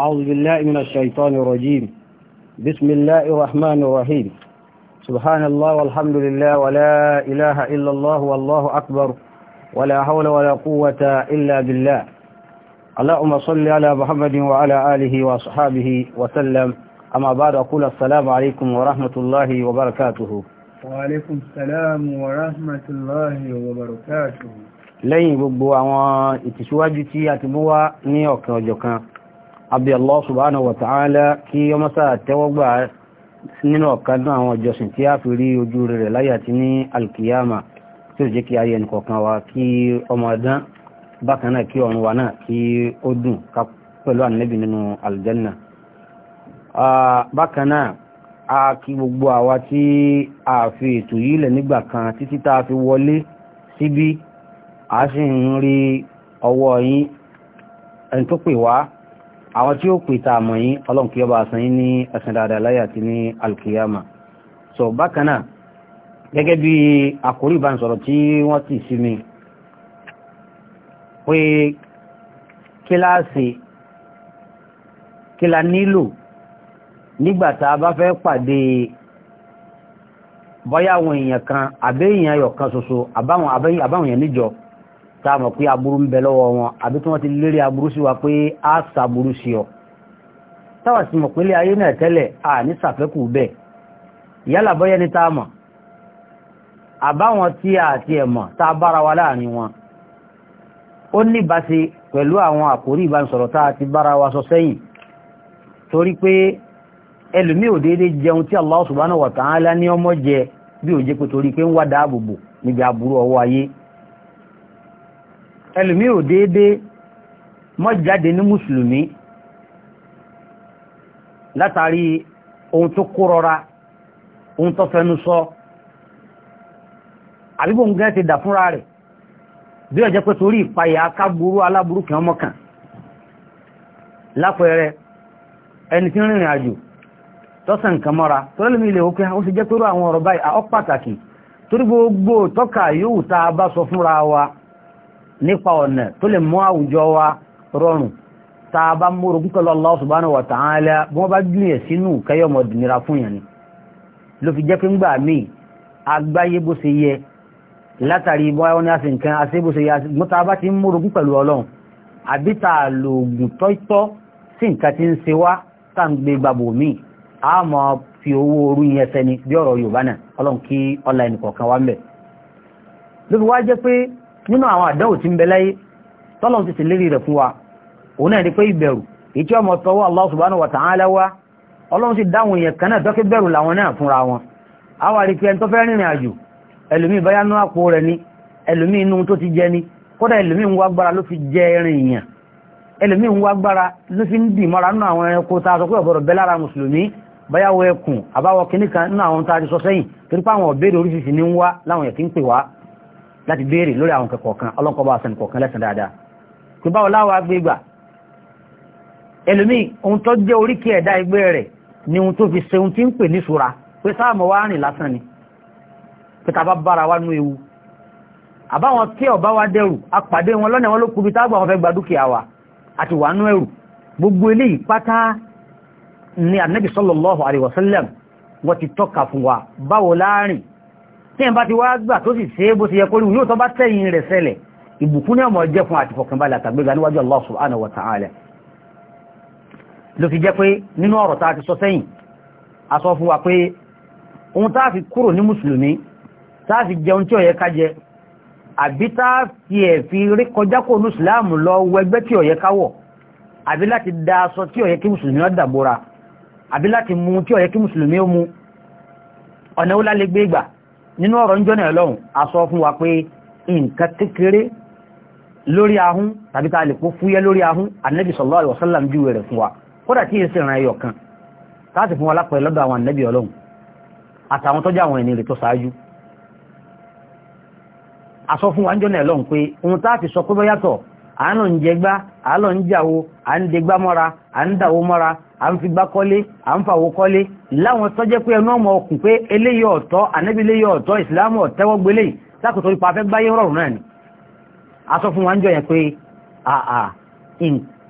أعوذ بالله من الشيطان الرجيم بسم الله الرحمن الرحيم سبحان الله والحمد لله ولا إله إلا الله والله أكبر ولا حول ولا قوة إلا بالله اللهم صل على محمد وعلى آله وصحابه وسلم أما بعد أقول السلام عليكم ورحمة الله وبركاته وعليكم السلام ورحمة الله وبركاته لين ببوا وان ìtìsíwájú اتبوا نيوك ti abdi allah subhanahu wa ta'ala kí ọmọ sáà tẹ́wọ́gbà nínú ọ̀kan náà àwọn ìjọsìn tí a fi rí ojú rẹ̀ láyà tí ní alkiyama tí ó jẹ́ kí ayé ẹnìkọ̀ọ̀kan wa kí ọmọ ọdán bákan náà kí ọ̀run wa náà kí ó dùn pẹ̀lú ànẹ́bì nínú aljanna bákan a kí gbogbo àwa tí a fi ètò yìí lẹ̀ nígbà kan títí tá a fi wọlé síbí a sì ń rí ọwọ́ yín ẹni tó pè wá àwọn tí ó pè ta àmọ̀ yín ọlọ́run ọba àsán yín ní ẹ̀sìn dáadáa láyé ní alkiyama so bákan náà gẹ́gẹ́ bí àkórí ìbánisọ̀rọ̀ tí wọ́n ti sí mi pé kíláàsì kí la nílò nígbà tá a bá fẹ́ pàdé bóyá àwọn èèyàn kan àbẹ́yìn ayọ̀ kan ṣoṣo àbáwọn èèyàn níjọ tá a mọ̀ pé aburú ń bẹ lọ́wọ́ wọn àbí tí wọ́n ti lérí aburú sí wa pé á sàburú sí ọ táwa sì mọ̀ pé lé ayé náà tẹ́lẹ̀ à ní sàfẹ́kù bẹ́ẹ̀ yálà bọ́yẹ́ ní tá a mọ̀ àbáwọn tí a àti ẹ̀ mọ̀ tá a bára wa láàrin wọn ó níbáṣe pẹ̀lú àwọn àkórí ìbánisọ̀rọ̀ tá a ti bára wa sọ sẹ́yìn torí pé ẹlòmí ò déédé jẹun tí Allah subhanahu wa ta'ala ní ọmọ jẹ bí ò jẹ́ pé torí pé ń wá dáàbòbò níbi aburú ọwọ́ ayé ẹlùmí ò deede mọ́ ní mùsùlùmí látàrí ohun tó kó rọra ohun tó fẹnu sọ àbíbò ń gẹ́ dà fúnra rẹ̀ bí ọjọ́ pé torí ìpayà kan lápẹẹrẹ ẹni tí ń rìnrìn àjò tọ́sẹ̀ nǹkan mọ́ra ilẹ̀ òkè ó sì jẹ́ pẹ́rú àwọn ọ̀rọ̀ báyìí pàtàkì torí gbogbo tọ́ka ta bá sọ fúnra wa nípa ọ̀nà tó lè mú àwùjọ wa rọrùn tá bá múrò púpọ̀ lọ Allah subhanahu wa ta'ala bí wọ́n bá gbìyàn sínú kẹyọmọ̀ fún yẹn ni ló fi jẹ́ pé ń gbà míì agbáyé bó ṣe yẹ látàrí bọ́yá wọn ni a sì nǹkan a ṣe bó ṣe yẹ mọ́ta bá ti ń múrò púpọ̀ pẹ̀lú ọlọ́run àbí tá lo oògùn tọ́tọ́ sí nǹkan tí ń ṣe wá tá ń gbé gbàgbò míì a mọ̀ fi owó orú yẹn sẹ́ni bí ọ̀rọ̀ Yorùbá náà ọlọ́run kí ọlá ẹnì kọ̀ọ̀kan wá ń bẹ̀ ló wá jẹ́ pé nínú àwọn àdáwò tí ń bẹ láyé tọ́lọ́n ti ṣèlérí rẹ̀ fún wa òun náà ni pé ìbẹ̀rù ìtí ọmọ tọwọ́ Allah subhanahu wa ta'ala wá ọlọ́run sì dáhùn èèyàn kan náà tọ́kí bẹ̀rù làwọn náà fúnra wọn àwa rí pé ẹni tó fẹ́ rìnrìn àjò ẹlòmíì báyá àpò rẹ̀ ni ẹlòmíì inú tó ti jẹ ni kódà ń ló fi jẹ ń ló láti béèrè lórí àwọn kọ̀ọ̀kan ọlọ́nkọ́ bá sẹ́nì kọ̀ọ̀kan lẹ́sàn dáadáa kí báwo láwọ́ agbégbà ẹlòmíì ohun tó jẹ́ oríkì ẹ̀dá ẹgbẹ́ rẹ̀ ni ohun tó fi ṣe ohun tí ń pè ní ṣura pé sáàmù wa rìn lásán ni pé ta bá bára wa nú ewu àbáwọn tí ọba wa dẹrù apàdé wọn lọ́nà wọn ló kubi tágbà wọn fẹ́ gba dúkìá wa àti wà nú ẹrù gbogbo eléyìí pátá ni ànábì sallallahu alaihi wasallam wọ́n ti tọ́ka fún wa báwo láàrin tí ẹ̀ bá ti wá gbà tó sì ṣe bó ti yẹ kórí yóò tó bá tẹ́yìn rẹ̀ ṣẹlẹ̀ ìbùkún ní ọmọ jẹ́ fún àti fọkànbalẹ̀ àtàgbéga níwájú Allah ta'ala ló fi jẹ́ pé nínú ọ̀rọ̀ tá a ti sọ sẹ́yìn a sọ fún wa pé ohun tá a fi kúrò ní mùsùlùmí tá a fi jẹun tí ó yẹ ká jẹ àbí tá a fi ẹ̀ fi rí kọjá kó ní ìsìláàmù lọ wẹgbẹ́ nínú ọ̀rọ̀ ń jọ́nà ẹ̀lọ́hun a sọ fún wa pé nǹkan kékeré lórí ahun tàbí ta lè kó fúyẹ́ lórí ahun annabi sallallahu alaihi wasallam júwe rẹ̀ fún wa kódà tí èsì ìran ẹyọ kan láti fún wa lápẹ̀ lọ́dọ̀ àwọn annabi ọlọ́hun àtàwọn tọ́jú àwọn ẹni rẹ̀ tó ṣáájú a sọ fún wa ń jọ́nà ẹ̀lọ́hun pé ohun tá a ti sọ pé bọ́ yàtọ̀ à ń lọ ń jẹgbá à ń lọ ń jàwo à ń degbá mọ́ra à ń dàwo mọ́ra à ń figbá kọ́lé à ń fàwo kọ́lé láwọn tọ́jẹ́ pé ẹnu ọmọ ọkùn pé eléyìí ọ̀tọ̀ ànábì eléyìí ọ̀tọ̀ ìsìlámù ọ̀tẹ́wọ́ gbélé sákòtò ipa afẹ́ gbáyé rọrùn náà ni a sọ fún wa ń jọ yẹn pé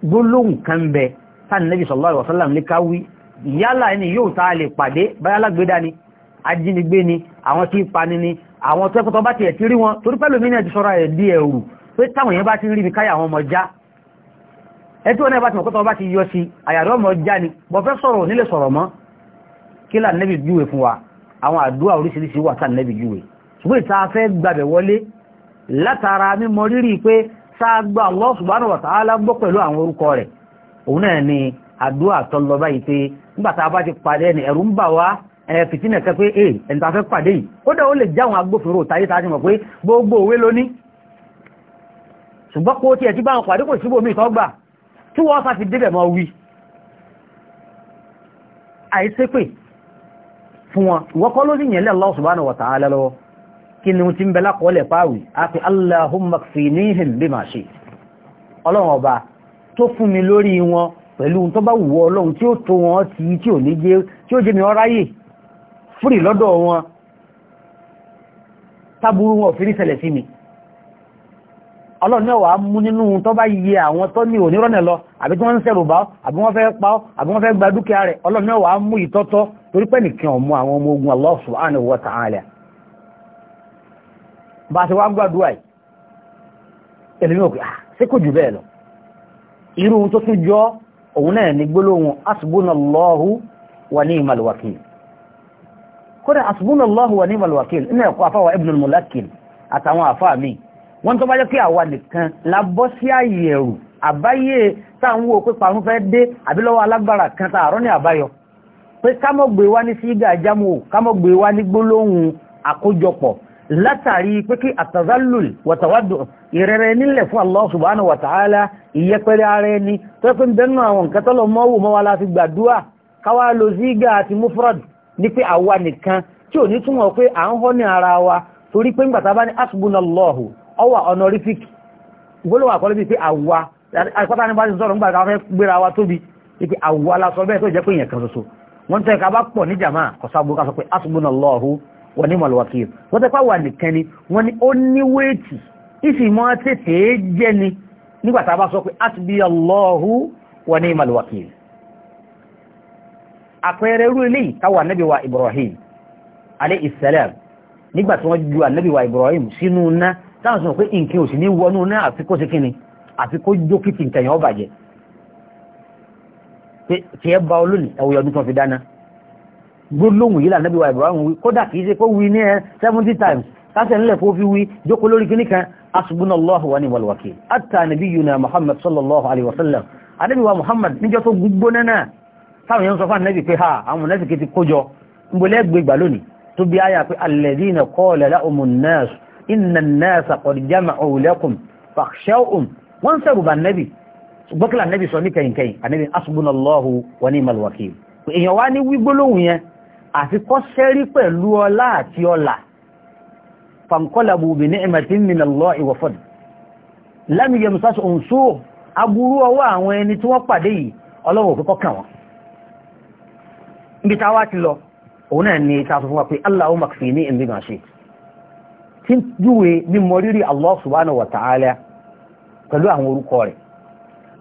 gbólóhùn kan bẹ sáà nẹ́bí sallallahu alaihi wasallam lè káwí yálà ẹni yóò tá lè pàdé báyálágbédá ni ajínigbé ni àwọn tí ń pani ni àwọn tó ẹkùtọ́ bá tiẹ̀ ti rí wọn torí pẹ́lú mi náà ti sọ́ra ẹ̀ di ẹ̀rù pé táwọn èèyàn bá ti rí ibi káyà àwọn ọmọ já ẹtí wọn náà bá ti mọ̀kọ́tọ̀ bá ti yọ sí àyàrá ọmọ já ni bọ̀ fẹ́ sọ̀rọ̀ nílé sọ̀rọ̀ mọ́ kí là nẹ́bì júwe fún wa àwọn àdúrà oríṣiríṣi wà tá nẹ́bì júwe ṣùgbọ́n ìta fẹ́ gbàbẹ̀ wọlé látara mímọ rírì pé sáàgbà Allah subhanahu wa ta'ala ni àdúrà tó lọ báyìí pé nígbà tá a bá ti pàdé ẹni ẹ̀rù ń bà wá kẹ́ pé ẹ̀ ẹ̀ pàdé yìí kódà ó lè jáwọn agbófinró táyé tá mọ̀ pé gbogbo òwe lóní ṣùgbọ́n kó tí ẹ̀ tí bá ń pàdé kò síbò mí tọ́gbà tí wọ́n sá ti débẹ̀ mọ́ wí àìsépè fún wọn wọ́kọ́ ló yìnyẹn lẹ́ Allah subhanahu wa ta'ala lọ́wọ́ kí ni ti ń bẹ lákọọ́lẹ̀ páwì àti Allahumma kfinihim bima shi ọlọ́run ọba tó fún mi lórí wọn pẹ̀lú tó bá wù ọlọ́run ọlọ́run wà mú nínú tó bá yẹ àwọn tó ní onírọ̀nà lọ àbí tí wọ́n ń sẹ̀rù bá àbí wọ́n fẹ́ pa ọ́ àbí wọ́n fẹ́ gba dúkìá rẹ̀ ọlọ́run wà mú ìtọ́tọ́ torí pé nìkan ọmọ àwọn ọmọ ogun Allah subhanahu wa ta'ala bá a ṣe wá ń gbàdúrà yìí ẹlẹ́mi ah, òkè àtàwọn àfáà míì wọ́n tó bá jẹ́ pé àwa nìkan la bọ́ sí ààyè ẹ̀rù àbáyé táwọn wo pé parun fẹ́ dé àbí lọ́wọ́ alágbára kan tààrọ́ ní àbáyọ pé kámọ́ gbé wá ní sígá àjámù kámọ́ gbé wá ní gbólóhùn àkójọpọ̀ látàrí pé kí àtàzálùl wàtàwádù ìrẹ̀rẹ̀ nílẹ̀ fún Allah subhanahu wa ta'ala ìyẹpẹrẹ ara ẹni tó pé ń bẹnu àwọn nǹkan tọ́lọ mọ́wò mọ́ wa láti gbàdúrà káwá àwa nìkan tí ò ní túmọ̀ pé à ń họ́ ní ara wa torí pé ń gbàtà bá ní asbunallahu ọwà honorific ìgbólówà kọ́lé bíi pé àwa àìkọ́ta ní bá ti sọ̀rọ̀ nígbà tá a fẹ́ gbéra wa tóbi pé àwa la sọ bẹ́ẹ̀ tó jẹ́ pé èèyàn kan ṣoṣo wọ́n tẹ́ ká bá pọ̀ ní jàmáà kọ́sàgbó ká sọ pé asbunallahu wa ni'mal wakil wọ́n tẹ́ pá asbiyallahu wa ni'mal wakil àpẹẹrẹ irú wa Ibrahim alayhi salam nígbà tí wọ́n ju ànẹ́bí wa Ibrahim sínú náà táwọn sọ pé nǹkan ò sì ní wọnú náà àfi kó sí kíni àfi kó jókìtì nǹkan yẹn ó bàjẹ́ pé kí ẹ bá olónìí ẹwọ ọdún tó fi dáná gbólóhùn yìí lànàbí wa Ibrahim wí kódà kìí ṣe kó wí ní ẹ seventy times kásẹ̀ nílẹ̀ kó fi wí jókòó lórí kíní kan asùgbónà allah wa ni walwakil hatta nabiyuna Muhammad sallallahu alaihi wasallam adébí wa Muhammad níjọ́ tó gbóná náà táwọn yẹn sọ fún ànàbí pé ha àwọn mọ̀nẹ́sì kìí ti kójọ ń bolẹ́ lónìí tó bí áyà pé alladhina qala lahumun inna an-nasa qad jama'u lakum fakhshawhum wọ́n sẹ́rù bá nẹ́bì gbọ́kílà nẹ́bì sọ ní kẹyìnkẹyìn ànẹ́bì asùgbónàlọ́hù wọn ní malwakil èèyàn wá ní wígbólóhùn yẹn àti kọ́ sẹ́rí pẹ̀lú ọlá àti ọlà fankọ́làbù bi ni'matin minallahi wa fadl lam yamsasuhum su' aburú ọwọ́ àwọn ẹni tí wọ́n pàdé yìí ọlọ́wọ́ òkú kọ́kàn wọn níbi táwa ti lọ òun ni ta sọ fún wa pé Allahumma kfini bima shi'ta tí ń júwe mímọ rírì Allah subhanahu wa ta'ala pẹ̀lú àwọn orúkọ rẹ̀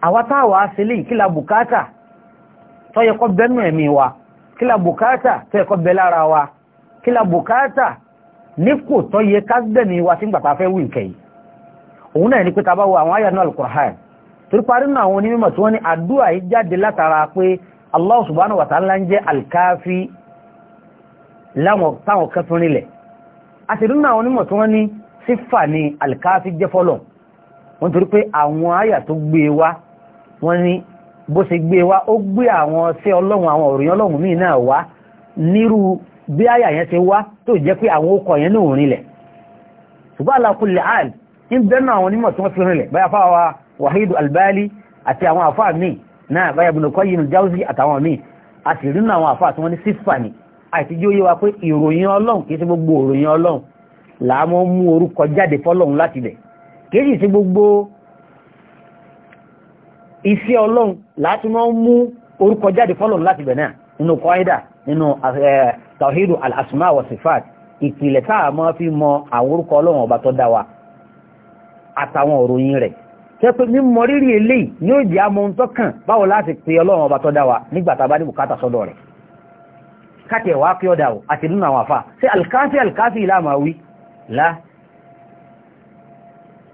àwa táwa sílé ìkílà bùkátà tó yẹ kó bẹ́nu ẹ̀mí wa kílà bùkátà tó yẹ kó bẹ lára wa kílà bùkátà nípò tó yẹ ká gbẹ̀mí wa sí gbàtà fẹ́ wí nkẹ́yìí òun náà ní pé tàbá wo àwọn àyà náà àṣìrún náà onímọ̀ tí wọ́n ní sífà ní alkafi jẹ́ fọ́lọ̀ wọ́n torí pé àwọn àyà tó gbé wá wọ́n ní bó ṣe gbé wá ó gbé àwọn ṣẹ́ ọlọ́run àwọn òròyìn ọlọ́run míì náà wá nírú bí àyà yẹn ṣe wá tó jẹ́ pé àwọn okọ̀ yẹn náà rinlẹ̀ ṣùgbọ́n alákùnlé àl ń bẹ́nu àwọn onímọ̀ tí wọ́n fi rinlẹ̀ báyà fáwa Wahid Albali àti àwọn àfáà míì náà báyà Ibn Qayyim al-Jawzi àtàwọn míì àṣìrún àwọn àfáà tí wọ́n ní sífà ni àti jí ó yé wa pé ìròyìn ọlọ́run kìí sí gbogbo ìròyìn ọlọ́run láàmọ́ mú orúkọ jáde fọ́lọ́run láti bẹ̀ kìí sí gbogbo iṣẹ́ ọlọ́run láti mọ́ mú orúkọ jáde fọ́lọ́run láti bẹ̀ náà nínú kọ́ídà nínú tawhidu al-asma wa sifat ìpìlẹ̀ táà mọ́ fi mọ àwọn orúkọ ọlọ́run ọba tó dá àtàwọn òròyìn rẹ̀ tẹ́ pé mímọ rírì eléyìí yóò jẹ́ amóhuntọ́kàn báwo láti pe ọlọ́run ọba tó dá wa bá ní sọ́dọ̀ rẹ̀ kátẹ̀ wá kí ọ̀dà ò àti nínú àwọn àfà ṣé alkafi alkafi láàmà wí lá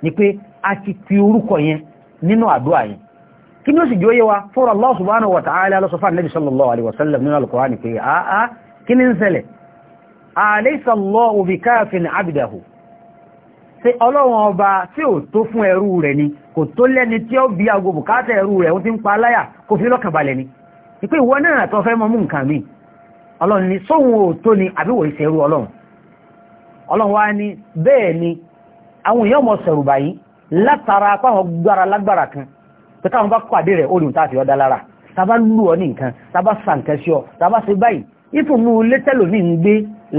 ni pé a fi orúkọ yẹn nínú àdúrà yẹn kí ni ó sì jóyé wa for Allah subhanahu wa ta'ala lọ́sọ fún Nabi sallallahu alaihi wasallam nínú al-Qur'an ni a àá kí ni ń ṣẹlẹ̀ alaysa Allahu bikafin abdahu ṣé ọlọ́run ọba tí ò tó fún ẹrú rẹ̀ ni kò tó lẹ́ni tí ó bí agbóbùkátà ẹrú rẹ̀ ó ti ń pa aláyà kò fi lọ́kàn balẹ̀ ni ìpé ìwọ náà tó fẹ́ mọ́ mú nǹkan míì ọlọ́run ni sóhun ò tó ni àbíwò ìṣẹ̀rú ọlọ́run ọlọ́run wá ní bẹ́ẹ̀ ni àwọn èèyàn mọ̀ sẹ̀rù báyìí látara páwọn gbára lágbára kan pé táwọn bá pàdé rẹ̀ ó lùn tá àfi ọ̀dá lára tàbá lù ọ ní nǹkan tàbá sàǹkan sí ọ tàbá ṣe báyìí ìfúnnú létẹ́lòmí ń gbé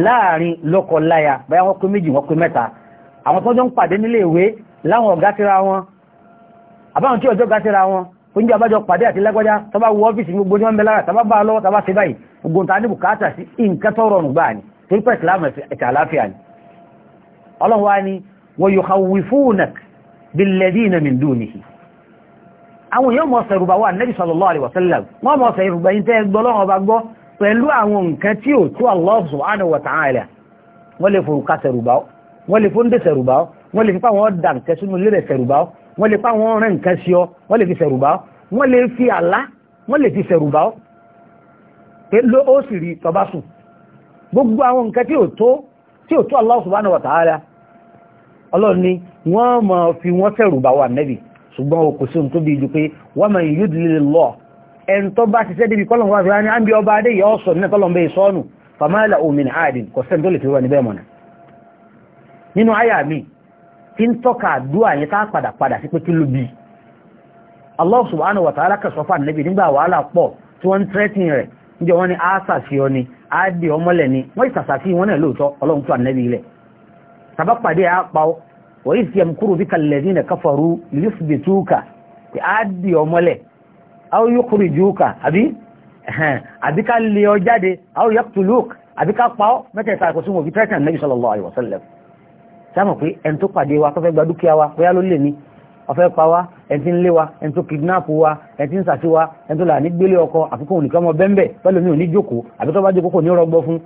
láàrin lọ́kọ láya báyà wọ́n pé méjì wọ́n pé mẹ́ta àwọn tó jọ ń pàdé nílé ìwé láwọn ọ̀gá síra wọn àbáwọn tí ọjọ́ gá síra wọn oúnjẹ àbájọ pàdé àti lágbájá tọba wọ ọ́fíìsì gbogbo ní wọ́n mẹ́lára tọba bá lọ́wọ́ tọba ṣe báyìí gbogbo ta ní bùkátà sí nǹkan tó rọrùn gbáà ni torí pẹ̀ ìsìláàmù ẹ̀tẹ̀ àláfíà ni ọlọ́run wá wọ́n mọ̀ sẹ̀rùbà yìí tẹ́ gbọ́ lọ́wọ́ bá gbọ́ pẹ̀lú àwọn nǹkan tí ò tó Allah subhanahu wọ́n lè pa àwọn ọ̀rẹ́ nǹkan sí ọ wọ́n lè fi sẹ̀rùbá ọ wọ́n lè fi àlá wọ́n lè fi sẹ̀rùbá ọ pé ló ó sì rí tọba sùn gbogbo àwọn nǹkan tí ò tó tí ò tó Allah subhanahu wa ta'ala ọlọ́run ni wọ́n mọ̀ fi wọ́n sẹ̀rùbá wà nẹ́bì ṣùgbọ́n o kò sí tí ń tọ́ka àdúrà yẹn tá padà padà sí pé kí ló bí Allah subhanahu wa ta'ala kẹsọ fún ànábì nígbà wàhálà pọ̀ tí wọ́n ń tẹ́tìn rẹ̀ níjọ wọn ni a sàfi ọ ni a dì ọmọlẹ̀ ni wọ́n ìsàsàfi wọn náà lóòótọ́ ọlọ́run tó ànábì ilẹ̀ tàbá pàdé a pa ọ wọ́n yìí fi ẹmukúrò bí kalẹ̀dín nà káfàrú lùsùbẹ̀ túkà tí a dì ọmọlẹ̀ àwọn yóò kúrò ìjúkà àbí àbí ká lè ọ jáde àwọn yàtúlùk àbí ká pa ọ mẹ́tẹ̀ẹ̀ta àkọsí alaihi wasallam sáàmù pé ẹni tó pàdé wa tó fẹ́ gba dúkìá wa bóyá ló lè ní ọ̀fẹ́ pa wa ẹni tí ń lé wa ẹni tó kidnap wa ẹni tí ń sàṣí wa ẹni tó là ní gbélé ọkọ àfikún nìkan ọmọ bẹ́ńbẹ́ pẹ̀lú mi ò ní jókòó àbí tó bá jókòó kò ní rọgbọ fún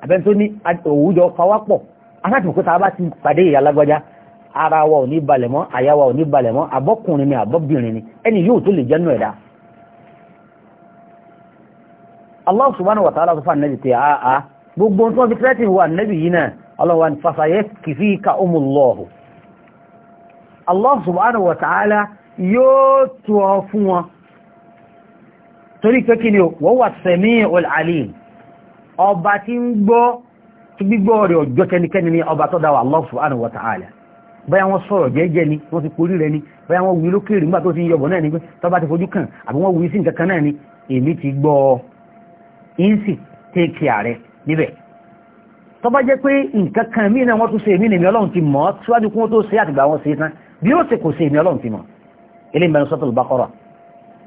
abẹ́ni tó ní òwújọ pawápọ̀ aláàtìmọ̀ pé tá bá ti pàdé ìyá lágbájá ara wa ò ní balẹ̀ mọ́ àyà wa ò ní balẹ̀ mọ́ abọ́kùnrin ni àbọ́bìnrin ni ẹni yóò tó lè jẹ́nu ẹ̀dá Allah subhanahu wa ta'ala sọ fún ànẹ́bì pé àá gbogbo tí fi tẹ́tì wọ ànẹ́bì yìí náà ọlọ́wà ní fàfàyẹ́ kìfí ka umullahu Allah subhanahu wa ta'ala yóò tó ọ fún wọn torí pé kí ni wọ́n wà sami'ul alim ọba tí ń gbọ́ tí gbígbọ́ rẹ̀ ọjọ́ tẹnikẹ́ni ni ọba tó dáwà Allah subhanahu wa ta'ala báyá wọ́n sọ̀rọ̀ jẹ́jẹ́ ni wọ́n ti porí rẹ̀ ni báyá wọ́n wí lókèrè nígbà tó ti ń yọbọ̀ ni pé tó ti fojú kàn àbí wọ́n wí sí nǹkan kan ni èmi ti gbọ́ ọ́ ìsì tẹ́kì ààrẹ tó bá jẹ́ pé nǹkan kan mí náà wọ́n tún ṣe èmi nìmi ọlọ́run ti mọ̀ síwájú kún tó ṣe àtìgbà wọn ṣe tán bí ó ṣe kò ṣe èmi ọlọ́run ti mọ̀ eléyìí bẹ̀rẹ̀ sọ́tò bàkọ́rà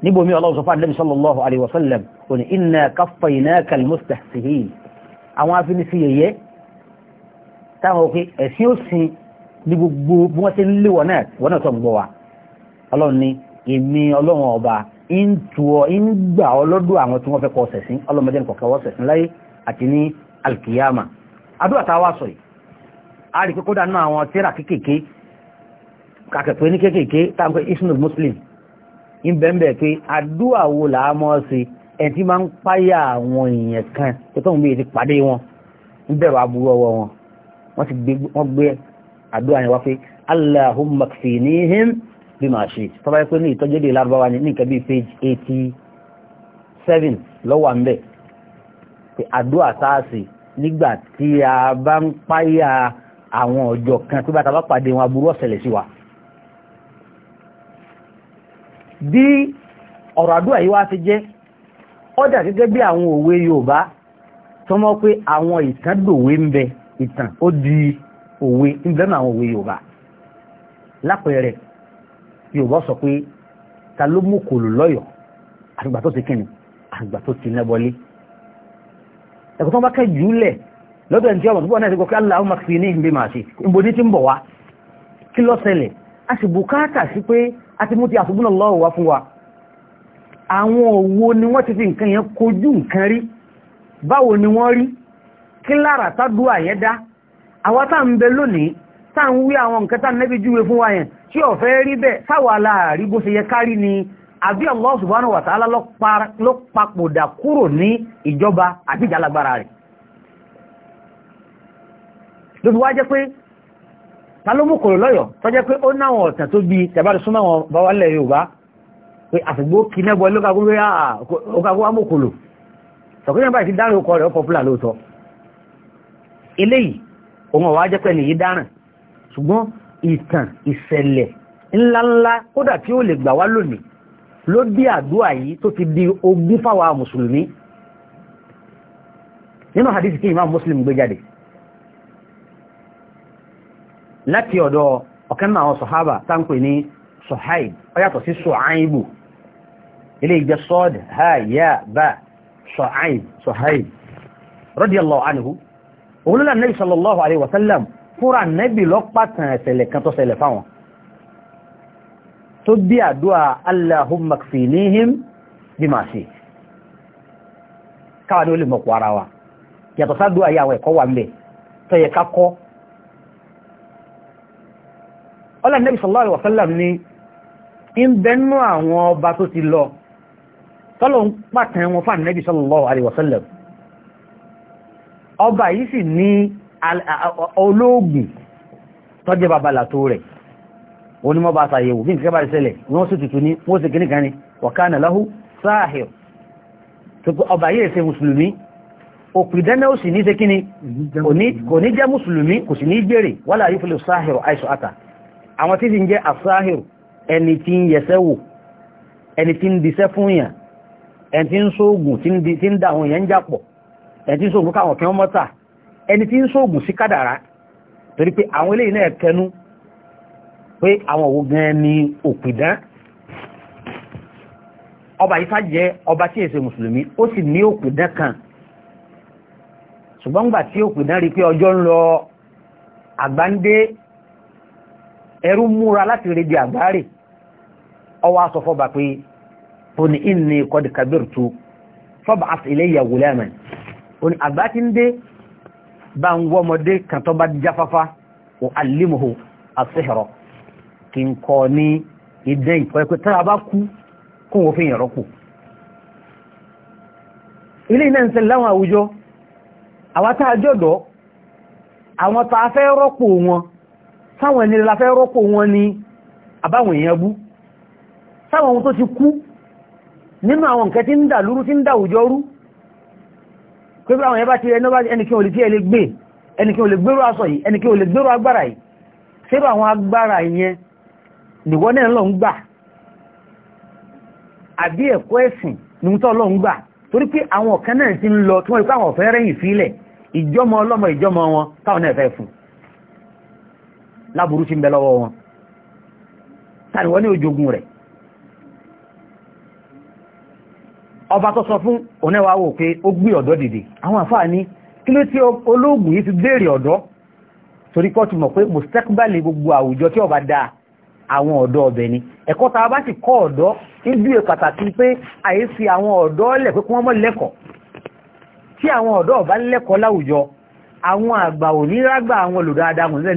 níbo mi ọlọ́run sọ fún àdébí sallallahu alaihi wasallam ò ní inna kaffaynaka almustahzi'in àwọn afinisi yẹyẹ táwọn òkè ẹ̀sìn ó sin ní gbogbo bí wọ́n ṣe ń lé wọn náà wọn náà àti ní alkiyama àdúrà tá a wá sọ yìí a rí pé kódà náà àwọn tíra kékèké kàkẹ́pẹ́ ní kékèké táwọn ismail muslim ń bẹ́ẹ̀ bẹ́ẹ̀ pé àdúrà wo là á mọ́ sí ẹ̀ tí máa ń páyà àwọn èèyàn kan tó tóun bí ti pàdé wọn ń bẹ̀rù aburú wọn wọ́n ti gbé wọ́n àdúrà yẹn allahumma kfinihim bí màá ṣe tọ́ba yẹ pé ní ìtọ́jú dè page eighty seven lọ́wọ́ à ń nígbà tí a bá ń páyà àwọn ọjọ́ kan tó bá ta bá pàdé wọn aburú ọ̀sẹ̀lẹ̀ sí wa bí ọ̀rọ̀ àdúrà yìí wá ti jẹ́ ọjà gẹ́gẹ́ bí àwọn òwe Yorùbá tó mọ̀ pé àwọn ìtàn dòwe ń bẹ ìtàn ó di òwe ń bẹ náà àwọn òwe Yorùbá lápẹẹrẹ Yorùbá sọ pé ta ló mú kòlò lọ́yọ̀ọ́ àgbà tó ti kíni àgbà tó ti nẹ́bọlé ẹ̀kọ́ tó bá kẹ́ jùlẹ̀ lọ́dọ̀ ẹni tí ọmọ púpọ̀ náà ti gọ́kẹ́ aláwọ̀ maxi ní ìgbé máa ṣe ìbò ní ti ń bọ̀ wá kí ló ṣẹlẹ̀ a sì bùkátà sí pé a ti mú ti àṣùgbọ́n lọ́wọ́ wá fún wa àwọn òwò ni wọ́n ti fi nǹkan yẹn kojú nǹkan rí báwo ni wọ́n rí kí lára tádùú àyẹ́ dá àwa tá ń bẹ lónìí tá ń wí àwọn nǹkan tá nẹ́bí júwe fún wa yẹn tí ọ̀fẹ́ rí bẹ́ẹ̀ sáwà láàrí bó ṣe yẹ kárí ni àbí Allah subhanahu wa ta'ala ló papòdà kúrò ní ìjọba àti ìjàlágbára rẹ̀ ló fi wá jẹ́ pé ta ló mú kòrò lọ́yọ̀ tó jẹ́ pé ó náwọn ọ̀tàn tó bí tẹ̀bárí súnmọ́ wọn bá wálẹ̀ Yorùbá pé àfìgbó kìnẹ́bọ̀ lókàgbó ah, ah, amókòlò sọ̀kúnyàn báyìí ti dárin okọ̀ rẹ̀ ọkọ̀ fúlà lóòtọ́ eléyìí òun ọ̀wá jẹ́ pẹ̀lú yìí dáràn ṣùgbọ́n ìtàn ìṣẹ̀lẹ̀ ńláńlá kódà lónìí ló bí àdúwà yìí tó ti di ogún fáwà mùsùlùmí nínú hadith tí imam muslim gbé jáde láti ọ̀dọ̀ ọ̀kan náà àwọn sọ̀hábà táǹkù ní sọ̀háìb ọyàtọ̀ sí sọ̀háìbù ilé ìjẹ́ sọ́ọ̀dì ha yá bá sọ̀háìb sọ̀háìb radiyallahu anhu òun lọ́la nabi sallallahu tó bí àdúwà Allahumma kfinihim bí máa ṣe káwà ní ó lè mọ̀kù ara wa yàtọ̀ sáàdúwà yà àwọn ẹ̀kọ́ wà mẹ́ tó yẹ kákọ́ ọlá Nabi sallallahu alaihi wasallam ní in bẹnu àwọn ọba tó ti lọ tọ́lọ̀ òun ni wọ́n bá ṣàyẹ̀wò bí nǹkan bá ṣẹlẹ̀ wọ́n sì tutù ní wọ́n sì kíní kan ní wọ̀kánà láhú sáàhìr ọba yìí ṣe mùsùlùmí òpìdánná ó sì ní ṣe kíní kò ní jẹ́ mùsùlùmí kò sì ní jèrè wálà yìí fúlẹ̀ sáàhìr àìsù àtà àwọn tí ti ń jẹ́ àsáàhìr ẹni tí ń yẹsẹ́ wò ẹni tí ń diṣẹ́ fún yàn ẹni tí ń sóògùn tí ń da àwọn èèyàn ń jàpọ̀ ẹni tí ń sóògùn káwọn kí wọ́n mọ́ta ẹni tí ń sóògùn sí kádàrá torí pé àwọn eléyìí náà kẹnu pé àwọn òwò gan ni òpìdán ọba ifá jẹ́ ọba tí èsè mùsùlùmí ó sì ní òpìdán kan ṣùgbọ́n gbà tí òpìdán rí pé ọjọ́ ń lọ àgbáńdé ẹrú múra láti rèdí àgbáre ọwọ́ aṣọ fọba pé ó ní ìní kọ́dí kabirtu fọba àti ilé ìyàwó lẹ́mẹ̀ ó àgbá ti ń dé bá ń wọ́mọdé kan bá jáfáfá ò àlímùhù àṣehẹ̀rọ̀ kí n kọ ní ìdán ìkọ́ ẹ̀pẹ́ tára bá kú kó wọ́n fi yàn rọ́pò ilé iná ń ṣẹlẹ̀ láwọn àwùjọ àwọn tá a jọ́dọ̀ àwọn tá a fẹ́ rọ́pò wọn sáwọn ènìyàn la fẹ́ rọ́pò wọn ní àbáwọn èèyàn bú sáwọn ohun tó ti kú nínú àwọn nǹkan tí ń dà lúrú tí ń dà òjò rú pé àwọn ẹbá ti ẹnikí o lè lè gbé ẹnikí o lè gbérò nìwọ́n náà lọ ń gbà àbí ẹ̀kọ́ ẹ̀sìn nìwọ́n lọ ń gbà torí pé àwọn ọ̀kan náà ti ń lọ tí wọ́n rí pé àwọn ọ̀fẹ́ rẹ̀yìn sílẹ̀ ìjọmọ ọlọ́mọ ìjọmọ wọn táwọn náà fẹ́ fún láburú sí ń bẹ lọ́wọ́ wọn tàníwọ́n ní ojogun rẹ̀ ọba tó sọ fún onẹ́wàá pé ó gbé ọ̀dọ́ dìde àwọn àfáà ní kí ló tí olóògùn yìí ti béèrè ọ̀dọ́ torí kọ́ mọ̀ pé mustaqbal gbogbo àwùjọ tí ọba dáa àwọn ọ̀dọ́ ọbẹ̀ ni ẹ̀kọ́ ta bá sì kọ́ ọ̀dọ́ níbi pàtàkì pé àyè fi àwọn ọ̀dọ́ lẹ̀ pé kí wọ́n mọ̀ lẹ́kọ̀ọ́ tí àwọn ọ̀dọ́ ọ̀bá lẹ́kọ̀ọ́ láwùjọ àwọn àgbà ò ní rágbà àwọn olùdáadáa wọn ni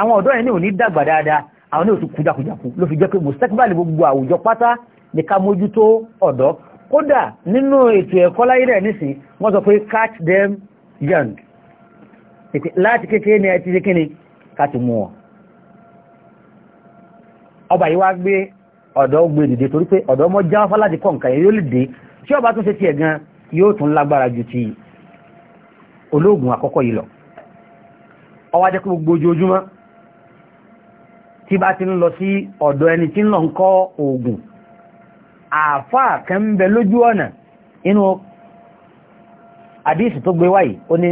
àwọn ọ̀dọ́ yẹn ní ò ní dàgbà dáadáa àwọn náà ó ti kú jákujàku ló fi jẹ́ pé mùsẹ́kíbàlì gbogbo àwùjọ pátá ní ká catch them young láti kékeré ni ẹ ti ṣe kíni káti mú wọn ọba yìí wá gbé ọ̀dọ́ gbé dìde torí pé ọ̀dọ́ mọ́ já fá láti kọ́ nǹkan yẹn yóò lè dé tí ọba tún ṣe tiẹ̀ gan yóò tún lágbára ju ti olóògùn àkọ́kọ́ yìí lọ ọwọ́ ajẹ́ pé gbogbo ojoojúmọ́ tí bá ti ń lọ sí ọ̀dọ̀ ẹni tí ń lọ ń kọ́ oògùn àáfàá kan ń bẹ lójú ọ̀nà inú àdíìsì tó gbé wáyìí ó ní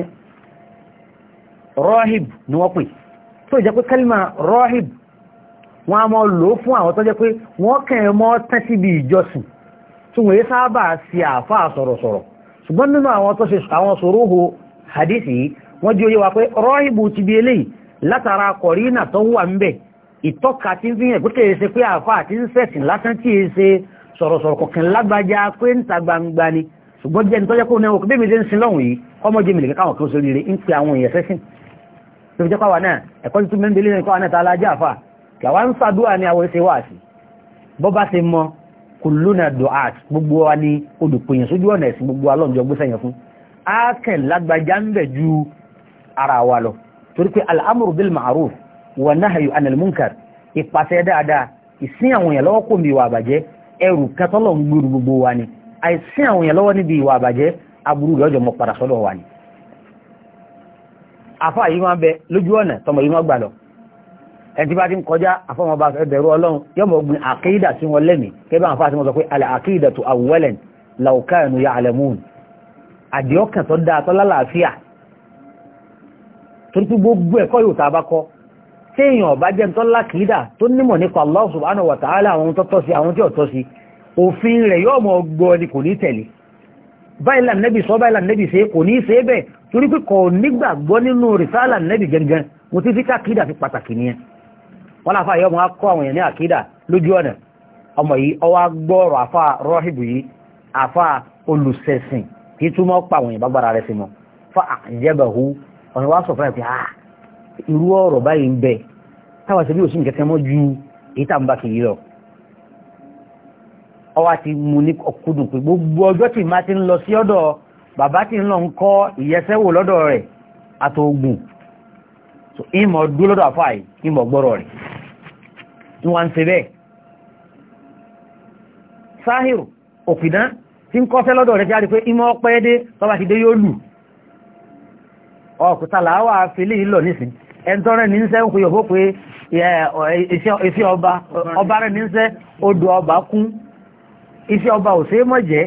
rọ́hìb ni wọ́n pè tó jẹ́ pé kálímà rọ́hìb a mọ́ lò fún àwọn tó jẹ́ pé wọ́n kẹ́ẹ̀ mọ́ tán síbi ìjọsìn tí wọ́n yé sábà sí sọ̀rọ̀sọ̀rọ̀ ṣùgbọ́n nínú àwọn tó ṣe àwọn ṣòroho hadithi wọ́n jí oyé wa pé rọ́hìbù ti bí eléyìí látara kọ̀rínà tó wà ń bẹ̀ ìtọ́ka ń fi hàn pé ṣe pé ti ń sẹ̀sìn lásán tí ṣe sọ̀rọ̀sọ̀rọ̀ kọ̀kàn pé tó fi jẹ́ pàwà náà ẹ̀kọ́ tuntun mẹ́bílẹ̀ nìkan náà tààlà jẹ́ àfà kàwà ń sàdúwà ní àwọn ẹsẹ̀ wáàsí bọ́ bá ṣe mọ kùlúnà dùhàt gbogbo wa ní olùpèyàn sójú ọ̀nà ẹ̀sìn gbogbo alọ́njọ gbéṣẹ́ yẹn fún ákẹ̀ lágbàjá ń bẹ̀ ju ara wa lọ torí pé al'amuru bil ma'ruf wa nahyu anil munkar ìpàṣẹ dáadáa ìsìn àwọn èèyàn lọ́wọ́ kò ní ìwà àbàjẹ́ ẹrù kẹtọ́lọ̀ ń gbèrú gbogbo wa ni àìsìn àwọn èèyàn lọ́wọ́ níbi ìwà àbàjẹ́ aburú rẹ̀ ọjọ́ mọ̀ padà sọ́dọ̀ wa ni àfà yìí máa bẹ lójú ọ̀nà tọmọ yìí máa gbà lọ ẹni tí bá ti ń kọjá àfọmọba ẹbẹ̀rù ọlọ́run yọmọ ogun àkídà sí wọn lẹ́mìí kẹ́bí àwọn afáàtí wọn sọ pé alẹ́ àkídà tó awwalan law kanu ya'lamun àdìọ́kàn tó dáa tó lálàáfíà torí pé gbogbo ẹ̀kọ́ yóò tá a bá kọ́ téèyàn ọ̀bá jẹ́ tó lákìídà tó nímọ̀ nípa Allah torí pé kò nígbàgbọ́ nínú rìsáàlà nẹ́bì gẹ́gẹ́ mo ti fi kákídà fi pàtàkì nìyẹn wọ́n láfa yọ́ mọ́ kọ́ àwọn èèyàn ní àkídà lójú ọ̀nà ọmọ yìí ọwá gbọ́ọ̀rọ̀ àfa rọ́hìbù yìí àfa olùsẹ̀sìn kí túmọ̀ pa àwọn èèyàn bágbára rẹ̀ sí mọ́ fa àjẹbẹ̀hu ọ̀nà wa sọ fẹ́rẹ̀ pé ah irú ọ̀rọ̀ báyìí ń bẹ táwa ṣe bí òsì bàbá tí ń lọ ń kọ́ ìyẹsẹ́wò lọ́dọ̀ rẹ̀ àtògùn ìmọ̀ dúró lọ́dọ̀ àfà ìmọ̀ gbọ́rọ̀ rẹ̀ tí wọ́n ń ṣe bẹ́ẹ̀ sáhìrù òpìdán tí ń kọ́sẹ́ lọ́dọ̀ rẹ̀ tí a rí pé ìmọ̀ ọpẹ́ dé ti dé yóò lù ọkùtàláwà fílì ìlọ nísìn ẹntọ́rẹ́ ní ń sẹ́ ń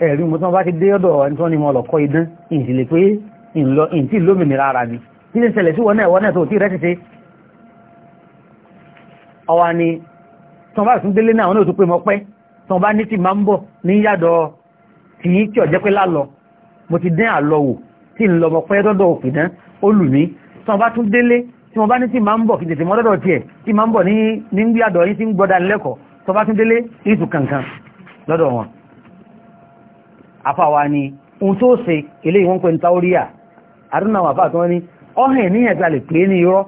ẹ̀rí mo tán bá ti dé ọ̀dọ̀ ẹni tó ní mo lọ kọ́ idán ìsìlẹ̀ pé ìntì lómìnira ara mi kí lè ṣẹlẹ̀ sí wọn náà wọn náà tó tí rẹ́ ti ṣe ọwa ni tán bá tún délé náà wọn náà tó pé mọ pẹ́ tán bá ní ti máa ń bọ̀ ní yàdọ̀ tí í kí ọ̀jẹ́ pé lálọ mo ti dín àlọ wò tí ń lọ mọ pẹ́ dọ́dọ̀ òkè náà ó lù mí tán bá tún délé tí mo bá ní tí máa ń bọ̀ kí mọ́ dọ́dọ̀ tiẹ̀ tí máa ń bọ̀ ní ní yàdọ̀ yín tí ń gbọ́dá lẹ́kọ̀ọ́ tán bá tún délé ìtù kankan lọ́dọ̀ wọn afáwa ni ohun tó ṣe ilé ìwọ́n pẹ̀lú taoria àdúnà àwọn àfáà tó wọ́n ní ọ̀hìn ní ẹ̀ta lè pè ní irọ́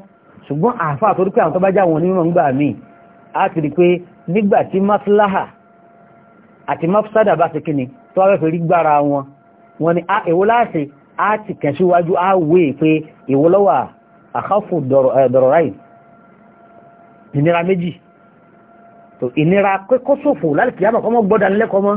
ṣùgbọ́n àfáà tó dúpẹ́ àwọn tó bá já wọn nínú ìgbà míì a ti rí pé nígbà tí maslaha àti mafsada bá ṣe kíni tó wáfẹ́ fi rí gbára wọn wọn ni èwo láṣẹ a ti kàn síwájú a wé e pé èwo lọ́wọ́ àkáfù dọ̀rọ̀ ráì ìnira méjì ìnira pé kó ṣòfò láti kìyàmọ̀ kọ́mọ́ gbọ́dánilẹ́kọ̀ọ́ mọ́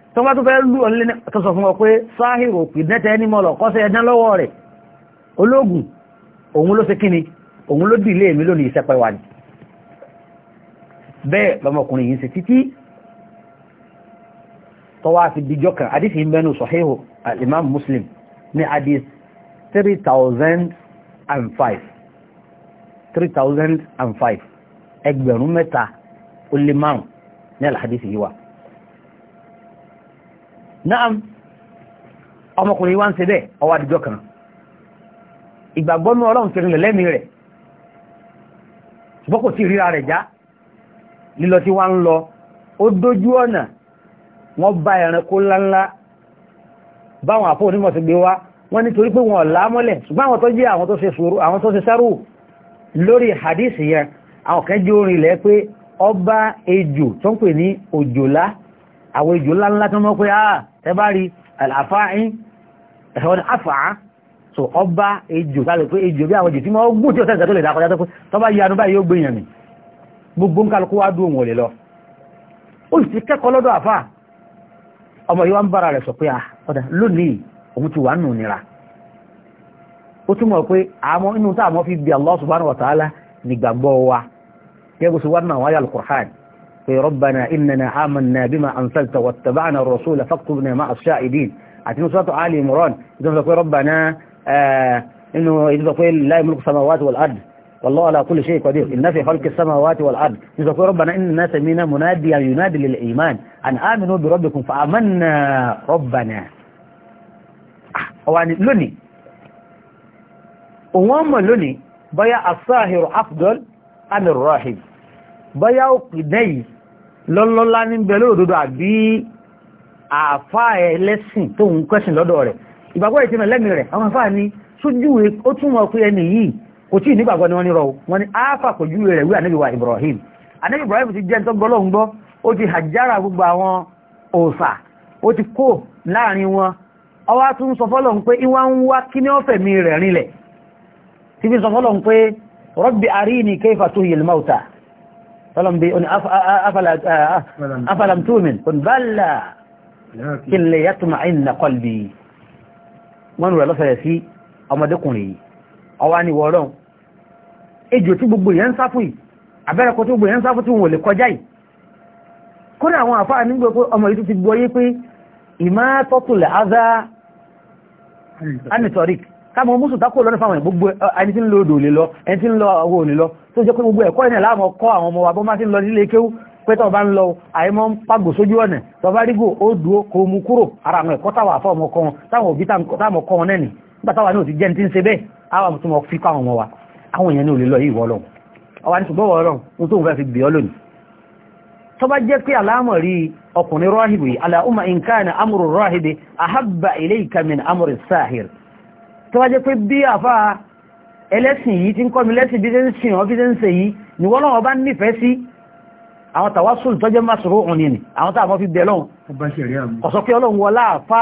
tó bá tó fẹ́ lú ọ̀nlẹ́ tó sọ fún ọ pé sáhìrò pìdẹ́tẹ́ ní mọ́lọ̀ kọ́sẹ̀ ẹ̀dán lọ́wọ́ rẹ̀ ológun òun ló ṣe kíni òun ló dìlé èmi lónìí ìṣẹ́pẹ́ wa ni bẹ́ẹ̀ lọmọkùnrin yìí ṣe títí tó wá fi dijọ́ kan àdìsí ń sọ̀híhù imam muslim ní àdìs 3005 ẹgbẹ̀rún mẹ́ta ó lé márùn-ún ní àlàdìsí yìí wà náà ọmọkùnrin wá ń ṣe bẹ́ẹ̀ ọwọ́ àdìjọ kan ìgbàgbọ́nú ọlọ́run ti rinlẹ̀ lẹ́mìí rẹ̀ ṣùgbọ́n kò sí ríra rẹ̀ já lílọ tí wá ń lọ ó dójú ọ̀nà wọ́n bá ẹranko ńláńlá báwọn àfọ́ onímọ̀ ti gbé wá wọ́n nítorí pé wọn ọ̀lá mọ́lẹ̀ ṣùgbọ́n àwọn tó jẹ́ àwọn tẹ́bárí àfáàín ẹ̀họ́n a so ọba ejò tàbí pé ejò bí àwọn ejò tí ma ó gbùn tí ó tẹ́sẹ̀ tó lè dákọjá tó pé tọ́bá yí báyìí ó gbé mi gbogbo wá lè lọ ó sì kẹ́kọ̀ọ́ lọ́dọ̀ ọmọ ń bára rẹ̀ sọ pé ah, ọ̀dà lónìí òun ti wà nù nira ó túmọ̀ pé àmọ́ inú tá àmọ́ fi bí Allah subhanahu wa ta'ala wa في ربنا إننا آمنا بما أنزلت واتبعنا الرسول فاكتبنا مع الشاهدين عتينو صلاة علي مران إذا فقول ربنا آه، إنه إذا فقول لا يملك السماوات والأرض والله على كل شيء قدير إن في خلق السماوات والأرض إذا فقول ربنا إن الناس منا منادي ينادي للإيمان أن آمنوا بربكم فآمنا ربنا أو لني وما لني بيا الصاهر أفضل أم الراهب bọ́yá òpìdẹ́ yìí lọ́lọ́lá ní bẹ̀lú òdodo àbí àfá ẹlẹ́sìn tó ń kẹ́sìn lọ́dọ̀ rẹ̀ ìgbàgbọ́ ìtìmọ̀ lẹ́mì rẹ̀ àwọn àfá ní sójú ó túnmọ̀ pé ẹni yìí kò tí nígbàgbọ́ ni wọ́n ní rọ wọn ni áfà kò jú rẹ̀ wí ànábì Ibrahim ànábì Ibrahim ti jẹ́ tó gbọ́lọ́ ń gbọ́ ó ti hàjára gbogbo àwọn òòsà ó ti kó láàrin wọn ọwá tún sọ fọ́lọ̀ pé ìwá tọ́lọ̀mbí on afalamtumin on bala kí n lè yàtùmà ìnà kọlbí wọ́n rẹ̀ lọ́sẹ̀rẹ̀ sí ọmọdékùnrin yìí ọwá ni wọ́rọ̀n ejò tí gbogbo yẹn ń sáfù yìí abẹ́rẹ́kọ́ tí gbogbo yẹn ń sáfù tí wọ́n lè kọjá yìí kódà àwọn àfáà nígbà pé ọmọ yìí ti gbọ́ yé pé ìmá tọ́tùlẹ̀ azá anitorik káàmù mú sùtákò lọ́nà fáwọn ìgbogbo ẹni tí ń lo odò lè lọ ẹni tí ń lọ owó lè lọ tó jẹ́ pé gbogbo ẹ̀kọ́ ẹ̀nà láàmú ọkọ́ àwọn ọmọ wa bó má ti ń lọ nílé kéwú pé tọ́ bá ń lọ àìmọ́ ń pàgò sójú ọ̀nà tọ́ bá rígò ó dúó kó mú kúrò ara àwọn ẹ̀kọ́ táwà fọ́ ọmọ kan táwọn òbí tó wá jẹ́ pé bí àfá ẹlẹ́sìn yìí ti ń kọ́ mi lẹ́sìn bí ṣe ń sìn ọ́ bí ṣe ń ṣe yìí ni wọ́n lọ́wọ́ bá nífẹ̀ẹ́ sí àwọn tàwásùlù tó jẹ́ másòrò òun ni àwọn táwọn fi bẹ̀ lọ́hùn ọ̀sọ́ pé ọlọ́run wọlá àfá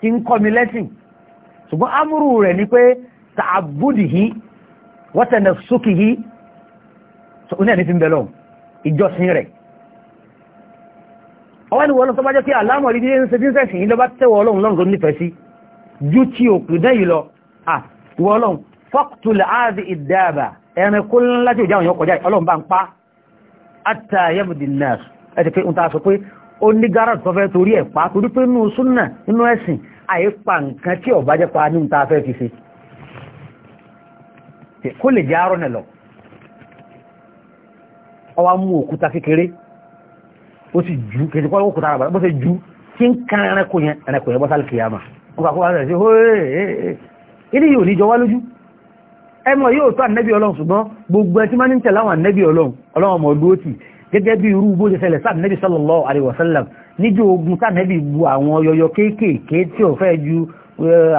ti ń kọ́ mi lẹ́sìn ṣùgbọ́n ámúrù rẹ̀ ni pé tààbùdì yìí wọ́tẹ̀nà sókì yìí òun náà ní fi ń bẹ̀ lọ́hùn ìjọsìn rẹ̀ ọwọ́ ni Ah, wọ́lọ́n fọ́kùtùlẹ̀ áàdì ìdáàbà ẹ̀rin kó láti òjá òyìn ọkọ̀já ọlọ́run bá ń pa àtàyẹ̀mùdìnàṣ ẹ̀tì pé ń ta sọ pé ó ní gáràtì tó fẹ́ torí ẹ̀ pa torí pé nínú súnà nínú ẹ̀sìn àyípa nǹkan tí ọ̀bá jẹ́ pa ní ń ta fẹ́ fi ṣe kó lè já rọ́nà lọ ọwá mú òkúta kékeré ó sì ju kèsì òkúta rà bó ṣe ju tí ń kan ẹranko yẹn ẹranko yẹn bọ́ sálì ilé yóò ní jọ wá lójú ẹmọ yóò tó ànẹ́bí ọlọ́run ṣùgbọ́n gbogbo ẹ tí máa ń tẹ̀lé àwọn ànẹ́bí ọlọ́run ọlọ́run ọmọ ọdún òtì gẹ́gẹ́ bí irú bó ṣe ṣẹlẹ̀ sáà nẹ́bí sallallahu alaihi wasallam níjó ogun sáà nẹ́bí bu àwọn yọyọ kéékèèké tí ò fẹ́ ju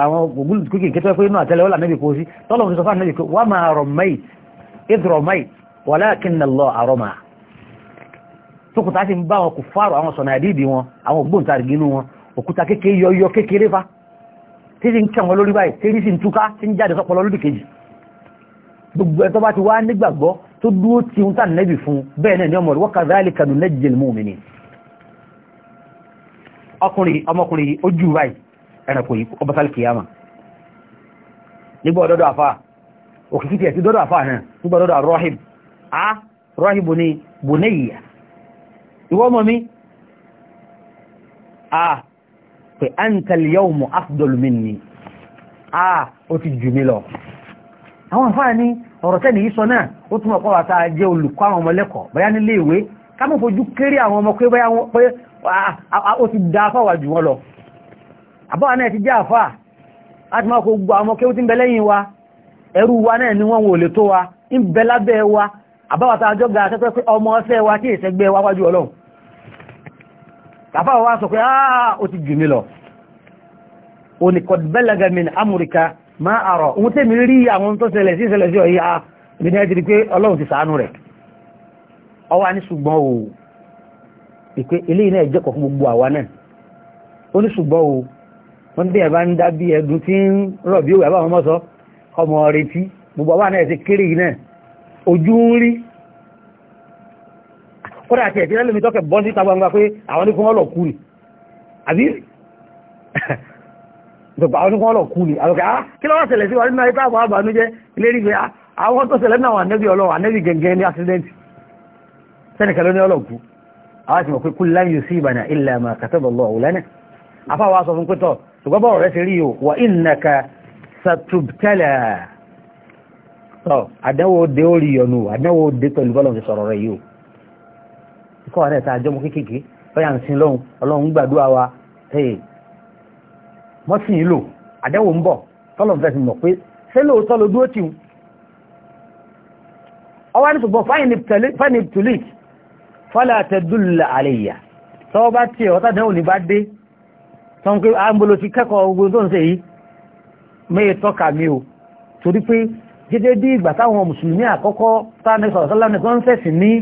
àwọn ògùn kéékèèké tó fẹ́ inú àtẹ́lẹ̀ ọ̀là nẹ́bí kò sí tọ́lọ̀ sọ fáà nẹ́bí wa ma ramayt idh ramayt òkúta kékeré yọyọ kékeré fa tí sì ń kẹwọn lórí báyìí tí sì ń túká tí ń jáde sọpọlọ lórí kejì gbogbo ẹ̀tọ́ bá ti wá nígbàgbọ́ tó dúró tí ń tàn nẹ́bì fún bẹ́ẹ̀ náà ni ọmọ ìwọ́ka záàlì kanù lẹ́jẹ̀ mú mi ni ọkùnrin ọmọkùnrin ojú báyìí ẹranko yìí ọba sálì kìyàmà nígbà ọdọdọ àfà òkìkí tiẹ̀ sí dọdọ àfà náà nígbà ọdọdọ rọhib a rọhib ni bùnẹ́yìí ìwọ́mọ̀ mi pé antal yawmu afdol minni ah ó ti jù mí lọ àwọn àfáà ní ọ̀rọ̀ tẹ́ni yìí sọ náà ó túnmọ̀ pọ̀ wàtá jẹ́ olùkọ́ àwọn ọmọlẹ́kọ̀ọ́ bóyá nílé ìwé kámú fojú kéré àwọn ọmọ pé bóyá pé ó ti da afáwà jù wọn lọ àbáwà náà ti jẹ́ àfáà láti máa kó àwọn ọmọ kéwú tí ń bẹ lẹ́yìn wa ẹrú wa náà ni wọ́n wò lè tó wa ń bẹ lábẹ́ wa àbáwà tá ga akẹ́kọ̀ọ́ pé ọmọ ọsẹ́ wa tí ìṣẹ́gbẹ́ wa wájú ọlọ́run bàbá wa sọ pé ah ó ti jù mí lọ ó ní kọ̀dùbẹ́lẹ̀gà mi ní amúríkà máa àrọ̀ ohun tẹ́mi rí àwọn tó ṣẹlẹ̀ sí ṣẹlẹ̀ sí ọ̀yí ah ibi ní ẹjìrí pé ọlọ́run ti ṣàánú rẹ̀ ọwá ní ṣùgbọ́n o ìpé ilé iná ìjẹ́kọ̀ fún gbogbo àwa náà ó ní ṣùgbọ́n o wọ́n bí ẹ̀bá ń dá bí ẹ̀dùn tí ń rọ̀ bí òwe àbáwọn mọ́sọ ọmọ retí gbogbo àwa náà ti kódà àti ẹ̀sìn ẹlòmí tọ́kẹ̀ bọ́ síta gbangba pé àwọn ní kún ọlọ̀ kú ni àbí ìjọba àwọn ní kún ọlọ̀ kú ni àlọ́kẹ́ á ah, kí lọ́wọ́ ṣẹlẹ̀ sí wa nínú ayétá àwọn àbànújẹ́ lérí pé ah, àwọn tó ṣẹlẹ̀ náà ànẹ́bí ọlọ́wọ́ ànẹ́bí gẹ̀ǹgẹ̀ ní accident sẹ́nìkẹ́ ló ní ọlọ̀ kú àwọn ti mọ̀ pé kúlá yóò sí ìbànà ilẹ̀ àmà kataballahu lana afáwà sọ fún pẹ́tọ̀ ṣùgbọ́n bọ́ọ̀ rẹ̀ ti rí o wà ìnàkà satubtala tọ́ àdánwò dé orí yọnu àdánwò dé pẹ̀lú bọ́lọ̀ ti sọ̀rọ̀ rẹ̀ yìí o kọ́ wa náà ta àjọmọ kéékèèké báyà ń sin lọ́hùn ọlọ́run gbàdúrà wa mọ́sí yìí lò àdẹ́wò ń bọ̀ tọ́lọ̀ fẹ́ fi mọ̀ pé ṣé lóòótọ́ ló dúró tì ń ọwọ́ ní ṣùgbọ́n fáìní tùlík fọ́lá àtẹ̀dúlà àlẹ́yà tọ́wọ́ bá tiẹ̀ ọ̀tá dẹ́wò ní bá dé tọ́n pé àmbolo ah, ti kẹ́kọ̀ọ́ ogun tó ń ṣe yìí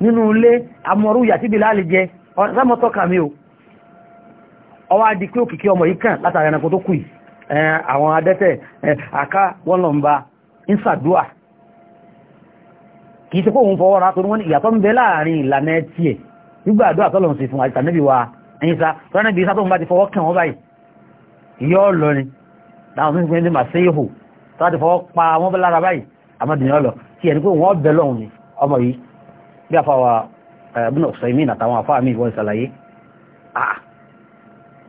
nínú ilé amọ̀rú yàtí Bilal jẹ ọ̀rẹ́mọ́tọ́ kàmí o ọwá di pé òkìkí ọmọ yìí kàn látàrí ẹranko tó kù yìí àwọn adẹ́tẹ̀ àká wọ́n lọ ń ba ń sàdúà kìí ṣe kóhun fọwọ́ ra torí wọ́n ìyàtọ̀ ń bẹ láàrin ìlànà ẹtì ẹ̀ nígbà àdúrà tọ́lọ̀ sí fún àti tàbí wa ẹ̀yìnsá tọ́lá níbi ìsá tó ń bá ti fọwọ́ kàn wọ́n báyìí ìyọ́ ọlọrin láwọn tó ń pè ní màṣẹ́yìhò tọ́lá ti fọwọ́ pa wọ́n lára báyìí àmọ́ dìnyọ́ lọ tí ẹni pé wọ́n bẹ lọ́hùn ni ọmọ yìí bí afáwa ẹ̀bùn ọ̀sọ̀ ìmìn àtàwọn afáà mi ìwọ̀n ìsàlàyé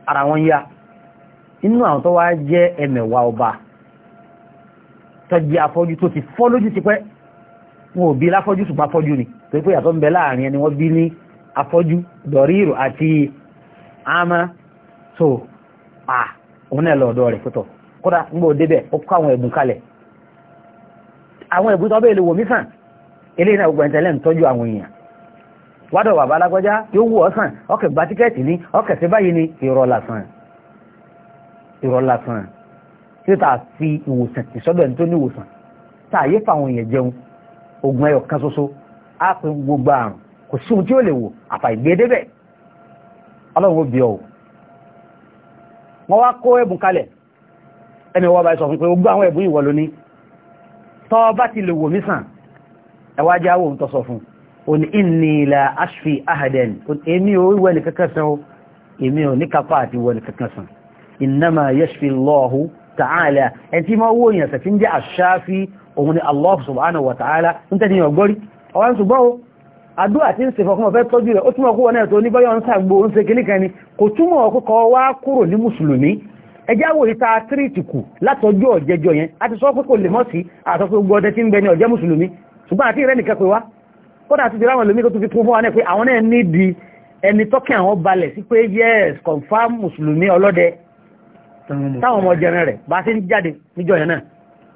ara wọn yá inú àwọn tó wá jẹ́ ẹ̀mẹ̀wà ọba tó jẹ́ afọ́jú tó ti fọ́ lójú ti pẹ́ wọn ò bí láfọ́jú ṣùgbọ́n afọ́jú ni torí pé yàtọ̀ ń bẹ láàrin ẹni wọ́n bí ní afọ́jú dọ̀rírò àti àmà so ah òun náà lọ́ọ̀dọ́ rẹ̀ pẹ́tọ̀ kódà ń bò débẹ̀ ó kó àwọn ẹ̀bùn kalẹ̀ àwọn ẹ̀bùn tó bẹ́ẹ̀ lè wò mí sàn eléyìí náà gbogbo ẹ̀ntẹ́lẹ̀ ń tọ́jú àwọn èèyàn wádọ̀ bàbá alágbọ́já yóò wù ọ́ sàn ọkẹ̀ gba tíkẹ́ẹ̀tì ní ọkẹ̀ sí báyìí ní irọ́ lásán irọ́ lásán tí tá a fi ìwòsàn ìsọ́dọ̀ ẹni tó ní ìwòsàn tá a yé fa àwọn èèyàn jẹun oògùn ẹyọ kan ṣoṣo á pe gbogbo àrùn kò sí ohun tí ó lè wò àfà ìgbédébẹ̀ ọlọ́run ó bí ọ wọ́n wá kó ẹ̀bùn kalẹ̀ ẹni wọ́n bá sọ fún pé gbogbo àwọn ẹ̀bùn ìwọ lóní tọ́ bá ti lè wò mí sàn ẹwà jáwò ń tọ́sọ fún òní inni la ashfi ahadan èmi ò wẹ́ ní kankan san èmi ò ní kápá àti wẹ́ ní kankan san innama yashfi Allahu ta'ala ẹni tí máa wó yẹn sẹ̀fín jẹ́ àṣáfí òun ni Allah ẹjẹ́ àwò ìta tírìtì látọjọ́ ọ̀jẹjọ yẹn a ti sọ pé lè mọ́ sí àtọ́fẹ́ gbọ́dẹ tí ń bẹ ọ̀jẹ́ mùsùlùmí ṣùgbọ́n àti ìrẹ́ nìkan pé wá kódà àti ìdíra àwọn ìlú tó fi kún fún wa náà pé àwọn náà ní di ẹni tọ́kẹ́ àwọn balẹ̀ sí pé yes confam mùsùlùmí ọlọ́dẹ táwọn ọmọ jẹrin rẹ̀ bá ti ń jáde níjọ yẹn náà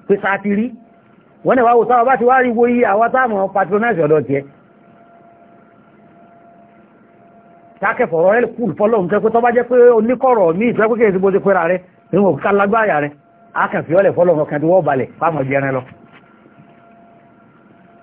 pé sáà ti rí wọ́n náà wá wò táwọn bá ti wá rí wo iye àwọn táwọn patronize ọ̀dọ̀ tiẹ̀ tákẹ́fọ̀ọ́ rẹ̀ kù fọlọ́hún tẹ́ pé tọ́ bá jẹ́ pé oníkọ̀rọ̀ mí ìfẹ́ pé kéèsì bó ti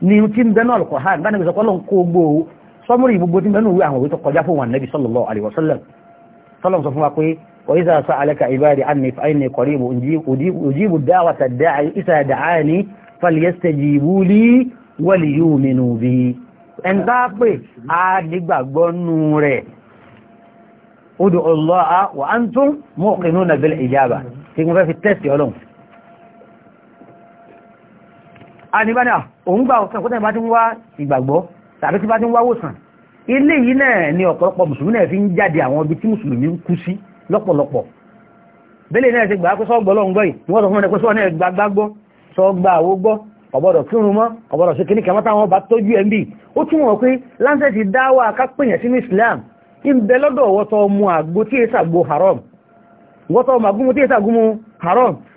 ni tí ń bẹnu alukọ̀hán bá níbi sọpọ́lọ́ ń kó gbó o sọmúrì gbogbo tí ń bẹnu ìwé àwọn òwe tó kọjá wa pé وإذا سألك عبادي عني فإني قريب أجيب دعوة الداعي إذا دعاني فليستجيبوا لي وليؤمنوا بي ẹn tá pé àdìgbàgbọ́ nù rẹ̀ ud'u Allah wa antum muqinuna bil ijaba tí mo fẹ́ fi tẹ́sì ọlọ́run àníbánà òun gbà ọ̀sán kó tẹ́ bá ti ń wá ìgbàgbọ́ tàbí tí bá ti ń wáwòsàn ilé yìí náà ni ọ̀pọ̀lọpọ̀ mùsùlùmí náà fi ń jáde àwọn ibi tí mùsùlùmí ń kú sí lọ́pọ̀lọpọ̀ bẹ́lẹ̀ náà ti gbà pé sọ́gbọ́ lọ́n gbọ́ yìí wọ́n sọ fún ẹni pé sọ́ náà gbàgbá gbọ́ sọ́gbà àwó gbọ́ ọ̀bọ̀dọ̀ kírun mọ́ ọ̀bọ̀dọ̀ sí kìnnìkan mọ́ta wọn bá tójú ẹ̀ ń bì ó tún wọ́n pé lancet dáwà kápẹ́yàn sínú Islam ń bẹ lọ́dọ̀ wọ́tọ̀ ọmọ àgbo tí èsà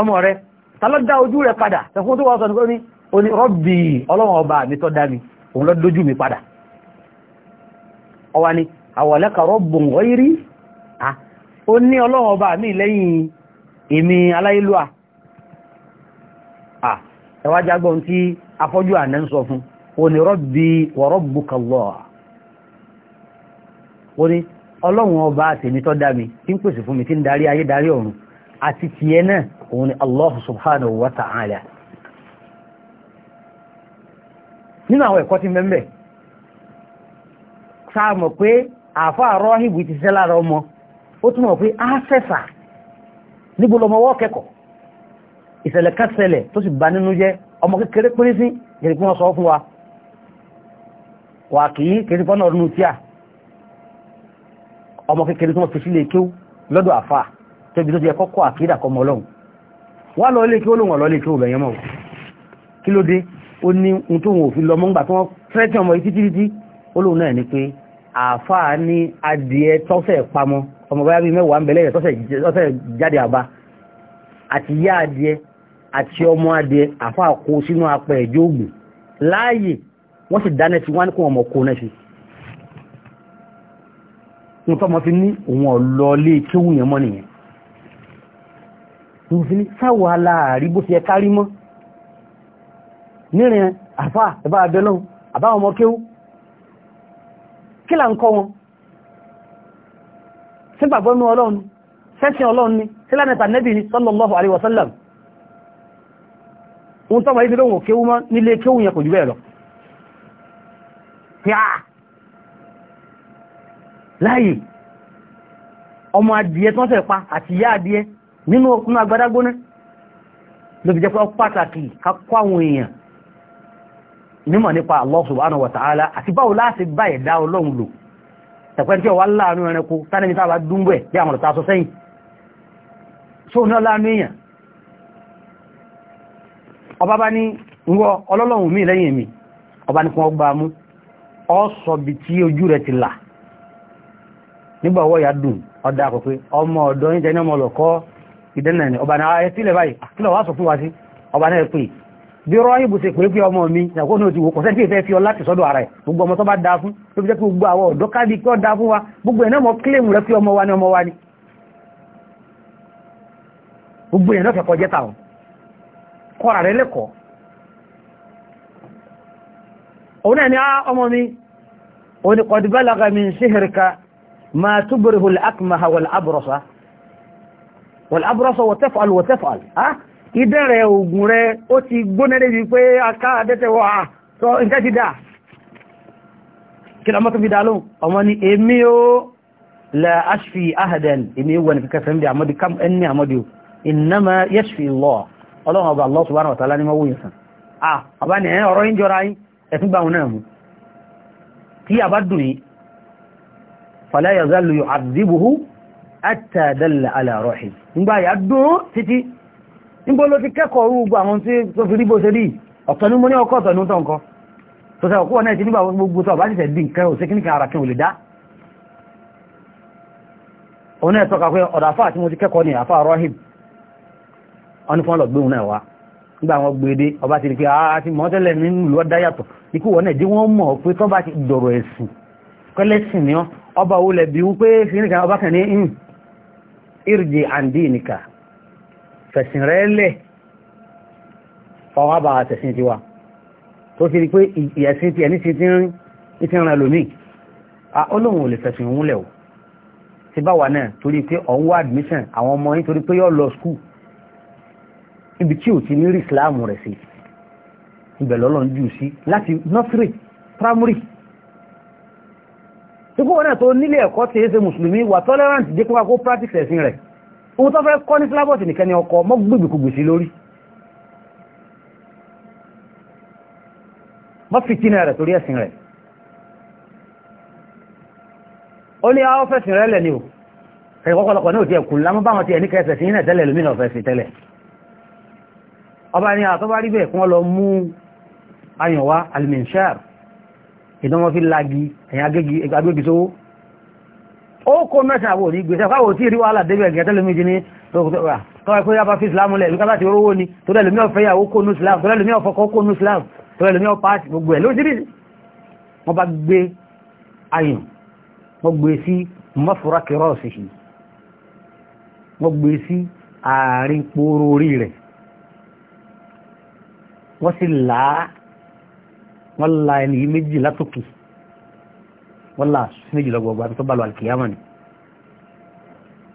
ọmọ rẹ tàlọ́dá ojú rẹ̀ padà tẹ̀kún tó wọ́n sọ nígbó ní oní rọ́bì ọlọ́run ọba mi tọ́ dá mi òun lọ dójú mi padà ọwá ni àwọ̀lẹ́kà rọ́bùn ọ̀írí ó ní ọlọ́run ọba mi lẹ́yìn èmi aláìlúà ẹwàjágbọ́n tí afọ́jú àná ń sọ fún oní rọ́bì wọ̀rọ́bùkọ̀lọ́ oní ọlọ́run ọba tèmi tọ́ dá mi tí ń pèsè fún mi tí ń darí ayé darí ọ̀run àti tìẹ náà òun ni allah subhanahu wa ta'ala nínú àwọn ẹ̀kọ́ tí mẹ́mẹ́ sáàmọ̀ pé àfáà rọ́hìbù ti sẹ́ lára ọmọ ó túnmọ̀ pé á sẹ́sà níbo lọmọwọ́ kẹ́kọ̀ọ́ ìṣẹ̀lẹ̀ kẹsẹ̀lẹ̀ tó sì bá nínú jẹ́ ọmọ kékeré pín sí fún wa wà kìí kìí pọ́nà ọdún tí à ọmọ kékeré tó wọ́n fi sílé kéw lọ́dọ̀ àfáà tó ibi tó àkídà kọmọ ọlọ́run wá lọ ilé kí ó lòun ọ̀lọ́ ilé kí ó bẹ̀yẹn mọ̀ kí ló dé ó ní ohun tó wọn fi lọ mọ́ngbà tí wọ́n fẹ́ẹ́ tí ọmọ yìí títí ó lòun náà ni pé àáfàá ní adìẹ tọ́sẹ̀ pamọ́ ọmọ báyá bíi mẹ́wàá ń bẹ̀lẹ́ rẹ̀ tọ́sẹ̀ jáde àbá àti yá adìẹ àti ọmọ adìẹ àáfàá kó sínú apẹ̀ ẹ̀jọ́ ògùn láàyè wọ́n sì dáná sí wọ́n kó ọmọ kó náà sí nǹkan ọmọ fi ní òun ọ̀lọ́ ilé yẹn mọ́ nìyẹn ló fi ní sáwà láàrí bó fi ẹ kárí mọ́ nírin àfá ẹ̀bá abẹ́lọ́un àbáwọn ọmọ kéwú kí là ń kọ́ wọn sígbàgbọ́ ní ọlọ́run sẹ́sìn ọlọ́run ni sílánẹ̀ta nẹ́bì ní sallallahu alaihi wasallam ohun tọ́mọ̀ yìí lóhun kéwú mọ́ nílé kéwú yẹn kò jù bẹ́ẹ̀ lọ ah! láyé ọmọ adìẹ tó ń sẹ̀ pa àti ìyá adìẹ nínú ọkùnrin agbádágbóná ló fi jẹ́ pé pàtàkì kakọ́ àwọn èèyàn mímọ̀ nípa Allah subhanahu ta'ala àti báwo láti bá ẹ̀dá ọlọ́run lò tẹ̀pẹ́ tí ọwá láàánú ẹranko tánàmì tàbá dúnbọ̀ ẹ̀ bí àwọn ọ̀tá sọ sẹ́yìn só ní mi lẹ́yìn mi ọba ní kún ọgbà mú ọ sọ bí tí ojú rẹ̀ ti là nígbà dùn ọdá àkọ́kọ́ ọmọ ọ̀dọ́ yín ọmọ ọlọ́kọ́ ìdẹ́ náà ni ọba náà ẹ sílẹ̀ báyìí àkílọ̀ ah, wá sọ fún wa sí ọba náà pè bí rọ́ ìbò ṣe pé pé ọmọ mi ìyàkó náà ti wò kọ̀sẹ́ tí ìfẹ́ fi ọ láti sọ́dọ̀ ara ẹ̀ gbogbo ọmọ tó bá dáa fún tó fi jẹ́ gbogbo àwọn ọ̀dọ́ kí ọ dáa fún wa gbogbo ẹ̀ náà mọ̀ kílèmù pé ọmọ wa ni ọmọ wa ni gbogbo ẹ̀ fẹ́ kọjẹ́ tà ọ́ kọ́ra rẹ lẹ́kọ̀ọ́ òun náà ni á ah, ọmọ mi òun ni kọ̀dùbẹ́lá mi ṣíhìrìkà máa túbòrìhùl akmaha wal abrasa wọ̀lá abúrọ́sọ wọ̀tẹ́fàl wọ̀tẹ́fàl ah idẹ́ rẹ̀ oògùn rẹ̀ ó ti gbóná débi pé aká adẹ́tẹ̀wọ̀ ah sọ nǹkan ti dà kí lọ́mọ́ tó fi dá lóhùn ọmọ ni èmi ó la ashfi ahadan èmi wọ̀ ní kẹkẹsẹ̀ ń bí àmọ́dí kam ẹni àmọ́dí o innama yashfi Allah ọlọ́run ọba Allah subhanahu wa ńgbà yà dún títí níbo ló ti kẹ́kọ̀ọ́ orú gbogbo àwọn tí tó fi rí bó ṣe rí ọ̀tọ̀ ní mo ní ọkọ̀ ọ̀tọ̀ ní tọ̀ nǹkan tó sẹ́ òkú ọ̀nà ìtìnígbà gbogbo tó àbájẹ́sẹ̀ bí nǹkan ò sí kí nìkan ara kí n ò lè dá òun náà tọ́ka pé ọ̀dà mo ti kẹ́kọ̀ọ́ ní àfáà Rahib wọn ni fún ọlọ́gbé òun náà wá irji andi nìka fẹ̀sìn rẹ̀ lẹ̀ fọwọ́ àbà tẹ̀sìn tiwa tó ti rí pé ìyẹ̀sìn ti ẹni ti ti ń lómi a olóhùn ò lè fẹ̀sìn òun lẹ̀ o ti bá wà náà torí pé ọ̀hún wá admission àwọn ọmọ yín torí pé yóò lọ skul ibi tí ò ti ní rí ìsìláàmù rẹ̀ sí ibẹ̀ lọ́lọ́ jù sí láti nursery primary tí kó wọ́n tó nílé ẹ̀kọ́ tí é ṣe mùsùlùmí wà tolerant jẹ́ kó kó practice ẹ̀sìn rẹ̀ ohun tó fẹ́ kọ́ ní flabot nìkan ni ọkọ̀ mọ́ gbùgbùkùgbù sí lórí mọ́ fìtínà rẹ̀ torí ẹ̀sìn rẹ̀ ó ní àwọn fẹ́sìn rẹ̀ lẹ̀ ni ò ẹ̀kọ́kọ́lọpọ̀ ní òtí ẹ̀kùn lámọ́ báwọn ti ẹ̀ní kẹsẹ̀ sí ní ẹ̀tẹ́lẹ̀ lómìnà ọ̀fẹ́sìn tẹ́lẹ̀ ọba ni àtọ́bá rí ìdánwò fi lagi ẹ̀yìn agbégi sówó ó kó mẹ́sàn àwò ní gbèsè fáwò tí ìríwá aládébẹ̀ ẹ̀gẹ́ tẹ́lẹ̀mí jí ní tọ́wọ́ pé yába fi islam lẹ̀ lùkátà ti rówó ni tó lẹ́lùmí ọ̀fẹ́ yà ó kó nú islam tó lẹ́lùmí ọ̀fọ́kọ́ kó nú islam tó lẹ́lùmí ọ̀pá gbogbo ẹ̀ lóṣìírí wọ́n bá gbé ayùn wọ́n gbé sí mọ́fúra kẹrọ ṣìṣì wọ́n gbé sí àárín poro orí rẹ̀ wọ́n sì làá wọ́n la ẹni yìí méjì látòkè wọ́n la méjì lọ́gbọ̀gbọ̀ àti tó bá lọ àlùkìyàmọ̀ ni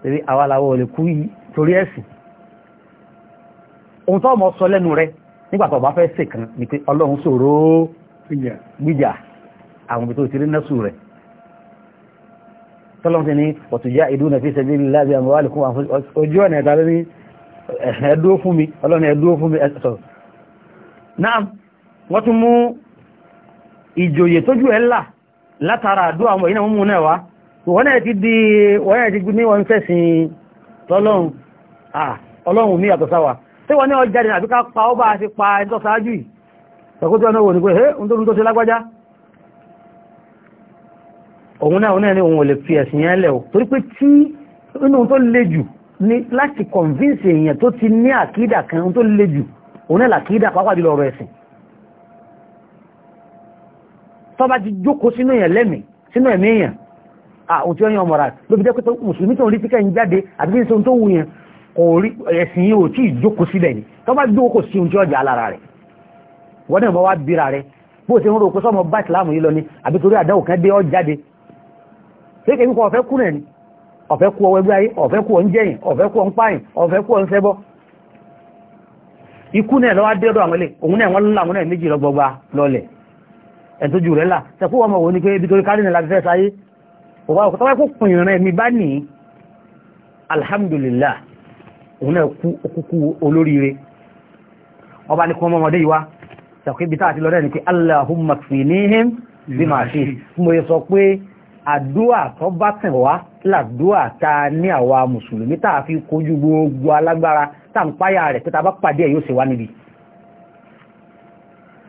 torí àwa làwọ̀ ò lè kú yìí torí ẹ̀sìn ohun tó mọ̀ sọ lẹ́nu rẹ nígbà tó bá fẹ́ sè kan ni pé ọlọ́run ṣòro gbìjà àwọn ibi tó ti rí nẹ́sù rẹ̀ tọ́lọ́run ti ní ọ̀tùjá ìdúnà fi ṣẹ́bí lábẹ́ àwọn wàlùkù ojú ọ̀nà ẹ̀ta lórí ẹ̀dúró fún mi ọlọ́run ẹ̀dúró fún mi ẹ̀sọ̀ náà wọ́n tún mú ìjòyè tójú ẹ̀ là látara àdúrà ọmọ yìí náà mú náà wá wọ́n náà ti di wọ́n náà ti di ní wọ́n fẹ̀sìn tọ́lọ́run ọlọ́run mi yàtọ̀ tí wọ́n ní ọjà dìnnà àbíká pa ó bá ti pa ẹjọ́ sáájú yìí ẹ̀kótó ọ̀nà wò ní pé ni òun ò lè fi ẹ̀sìn yẹn lẹ̀ ni láti convince èèyàn tó ti ní àkídà kan tó le jù òun náà làkídà pápá jùlọ tó bá ti jókòó sínú èèyàn lẹ́mì sínú ẹ̀mí èèyàn àwọn tí ó yàn mọ̀ra ló fi jẹ́ pé mùsùlùmí tó ń rí tí kẹ́yìn jáde àti bí n tó wù yẹn kò rí ẹ̀sìn yìí ò tí ìjókòó sílẹ̀ ni tó bá jókòó sí ohun tí ọjà alára rẹ̀ wọ́n náà wá bíra rẹ̀ bó ṣe ń rò pé sọ́mọ bá ìsìláàmù yìí lọ ni àbí torí àdáwò kan dé ọ jáde ṣé ikú náà lọ́wọ́ dé ọ̀dọ̀ àwọn ilé òun náà wọ́n lọ́la àwọn náà méjì lọ́gbọgba lọ́lẹ̀ ẹ̀tọ́jú rẹ̀ là sẹ́kú ọmọ wo ni pé ibi torí kárìnà láti fẹ́ sáyé ọwá òkúta wáyé kó pin ìrìn mi bá ní alhamdulillah òun náà kú okúkú olóríire ọba ní kí wọ́n mọ́mọdé ìwá sẹ́kú ibi táà ti lọ rẹ̀ ni pé allahumma kfinihim bí màá ṣe mo sọ pé àdúà tó bá tẹ̀ wá làdúà ta ní àwa mùsùlùmí tá a fi kojú gbogbo alágbára tá à páyà rẹ̀ pé ta bá pàdé ẹ̀ yóò ṣe wá níbi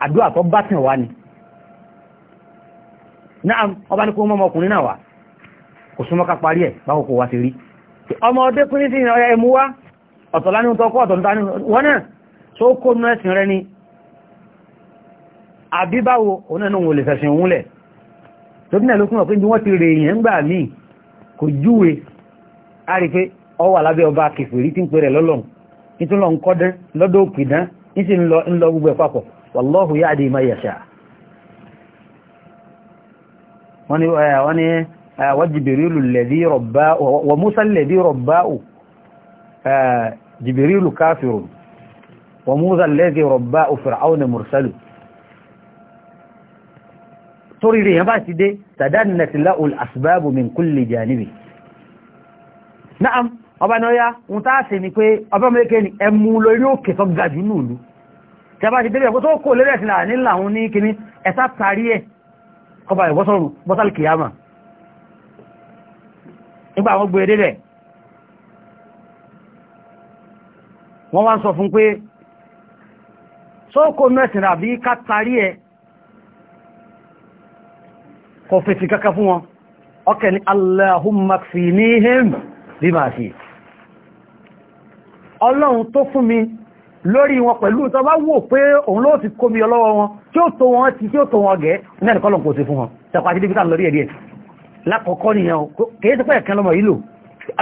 àdúà tó bá tẹ̀ wá ni náà ọba ní kó mọ́ ọmọkùnrin náà wá kò súnmọ́ ká parí ẹ̀ báwo wá ti rí ọmọ ọdẹ́kùnrin sí ọ̀yà ẹmú wá ọ̀tọ̀lá ní ọ̀tọ̀ ọ̀tọ̀ ní kó nú ẹ̀sìn ni ní wọ́n ti a rí ọba kẹfìrí tí ń pè rẹ̀ lọ́lọ́run nítorí lọ ń kọ́dán lọ́dọ̀ òkìdán ń sì wọ́n ni eh, wọ́n ni wọ́n jìbìrìlù lẹ́dí rọ̀bá wọ́n músà lẹ́dí rọ̀bá ò jìbìrìlù káfìrù wọ́n músà lẹ́dí rọ̀bá ò fìràún ni mùrùsálù torí rí yẹn bá ti dé tàdánàtì lául asbábù min kulli janibi na'am ọba náà yá ń tàà sí ni pé ọba mẹ́kẹ́ ni ẹmú lórí òkè tó gajú nùlú tẹ́bá ti débẹ̀ kó tó kò lérẹ̀ sí láàrin láàrin ní kíní ẹ̀sá parí ẹ̀ kọba ìwọ́sọ̀rù bọ́sálì kìyàmà nígbà àwọn gbé e dédẹ̀ wọ́n wá ń sọ fún pé sókò mẹ́sìn àbí kátàrí ẹ kò fèsì kaka fún wọn ọkẹ̀ ni Allahumma kfinihim bí máa fi ọlọ́run tó fún mi lórí wọn pẹ̀lú tó bá wò pé òun ló ti kó mi ọlọ́wọ́ wọn tí ó tó wọn ti tí ó tó wọn gẹ̀ẹ́ ní ẹnìkan lọ kò sí fún wọn tẹ̀kọ́ àti dìbítà lórí ẹ̀díẹ̀ lákọ̀ọ́kọ́ nìyàn kìí tó pẹ́ ẹ̀kan lọmọ ìlò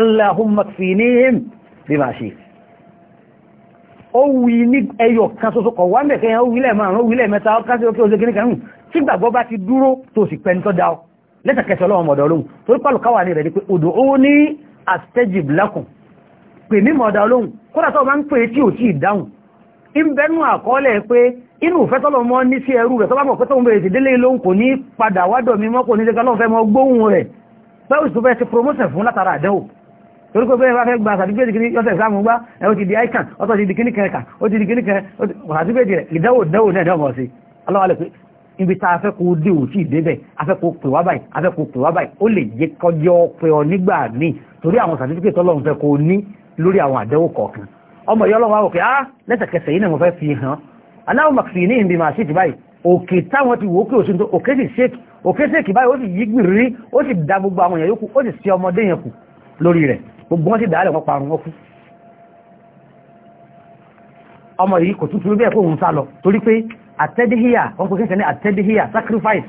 Allahumma kfinihim bí máa ṣe ó wí ní ẹyọ kan ṣoṣo kọ̀ wá mẹ́kẹ́ yẹn ó wílẹ̀ márùn-ún ó wílẹ̀ mẹ́ta ó kásí ókè oṣù kìnnìkan nù tí gbàgbọ́ bá ti dúró tó sì pẹ́ni tó dá ọ lẹ́sẹ̀kẹsẹ̀ ọlọ́wọ́ mọ̀dọ̀ ọlọ́hun torí pàlùkáwà ní rẹ̀ ni pé odò ó ní astajib lakum pè mí mọ̀dá olóhùn kódà tó bá ń pè tí ò tí ìdáhùn in bẹnu àkọọ́lẹ̀ pé inú ìfẹ́ tọ́lọ mọ́ ní sí ẹrú rẹ̀ tọ́bá mọ̀ pé tóun bèèrè ìdílé lóhùn kò ní padà wádọ̀ mi mọ́ kò ní lẹ́gbẹ́ lọ́fẹ́ mọ́ gbóhùn rẹ̀ pẹ́wù tó fẹ́ ti promotion fún látara àdẹ́wò torí pé di icon ọ̀tọ̀ ti di kíní kẹrẹkà ó ti di kíní kẹrẹ sàtífíkẹ́tì rẹ̀ ìdẹ́wò dẹ́wò náà dẹ́wò sí aláwọ̀ alẹ́ pé ibi tá a fẹ́ kó dé òtí ìdébẹ̀ a fẹ́ kó pè wá báyìí a fẹ́ kó pè wá báyìí ó lè jẹ́ kọjọ́ pé ọ nígbà míì torí àwọn sàtífíkẹ́tì Ọlọ́run fẹ́ kó ní lórí àwọn àdẹ́wò kọ̀ọ̀kan ọmọ ìyá ọlọ́run àwòkè á ah, lẹ́sẹ̀kẹsẹ̀ yìí náà mo fẹ́ fi hàn aláwọ̀ màkìfì ní ìbí màá sí ti báyìí òkè táwọn ti wò ó kí tó òkè sì ṣèkì òkè ṣèkì báyìí ó sì yí gbìrì ó sì da gbogbo àwọn èèyàn yòókù ó sì ṣe ọmọdé yẹn kù lórí rẹ̀ gbogbo wọn sì dàálẹ̀ wọn parun wọn kú ọmọ yìí kò tuntun bẹ́ẹ̀ sá lọ torí pé wọn kò sacrifice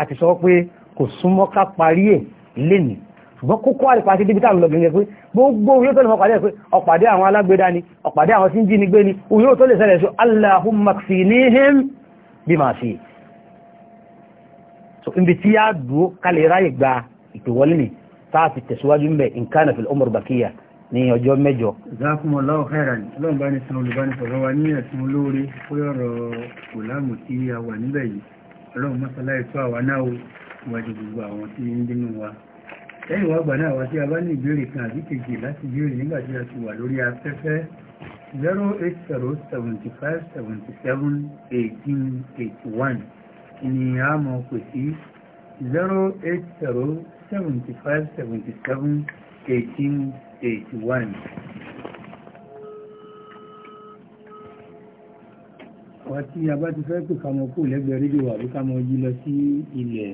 àti sọ pé kò súnmọ́ ká parí ẹ̀ lénìí ṣùgbọ́n kókó àrípa sí débítà lọ gẹ̀gẹ̀ pé gbogbo òun yóò tó lè ọpàdé pé ọpàdé àwọn alágbèdá ni ọpàdé àwọn tí ń jí ni gbé ni òun yóò tó lè ṣẹlẹ̀ sọ Allahumma kfinihim bí màá ṣe so ibi tí yá dúó kalẹ̀ ráyè gba ìpèwọlé ni tá a fi ní ọjọ́ mẹ́jọ. Jazakumullahu khairan lọ́nà bá olùbánisọ̀rọ̀ wa ní ẹ̀sùn olóore fún ọ̀rọ̀ kòlámù tí a wà níbẹ̀ yìí ọlọ́run mọ́sálá ìtọ́ àwa náà ó wájú gbogbo àwọn tí ń dínú wa lẹ́yìn wá gbà náà wá tí a bá ní ìbéèrè kan àbí kejì láti béèrè nígbà tí a ti wà lórí afẹ́fẹ́ 08075771881 ni a mọ̀ pè sí 08075771881 àwa tí a bá ti fẹ́ pè ká mọ kó lẹ́gbẹ̀ẹ́ rédíò àbí ká mọ yí lọ sí ilẹ̀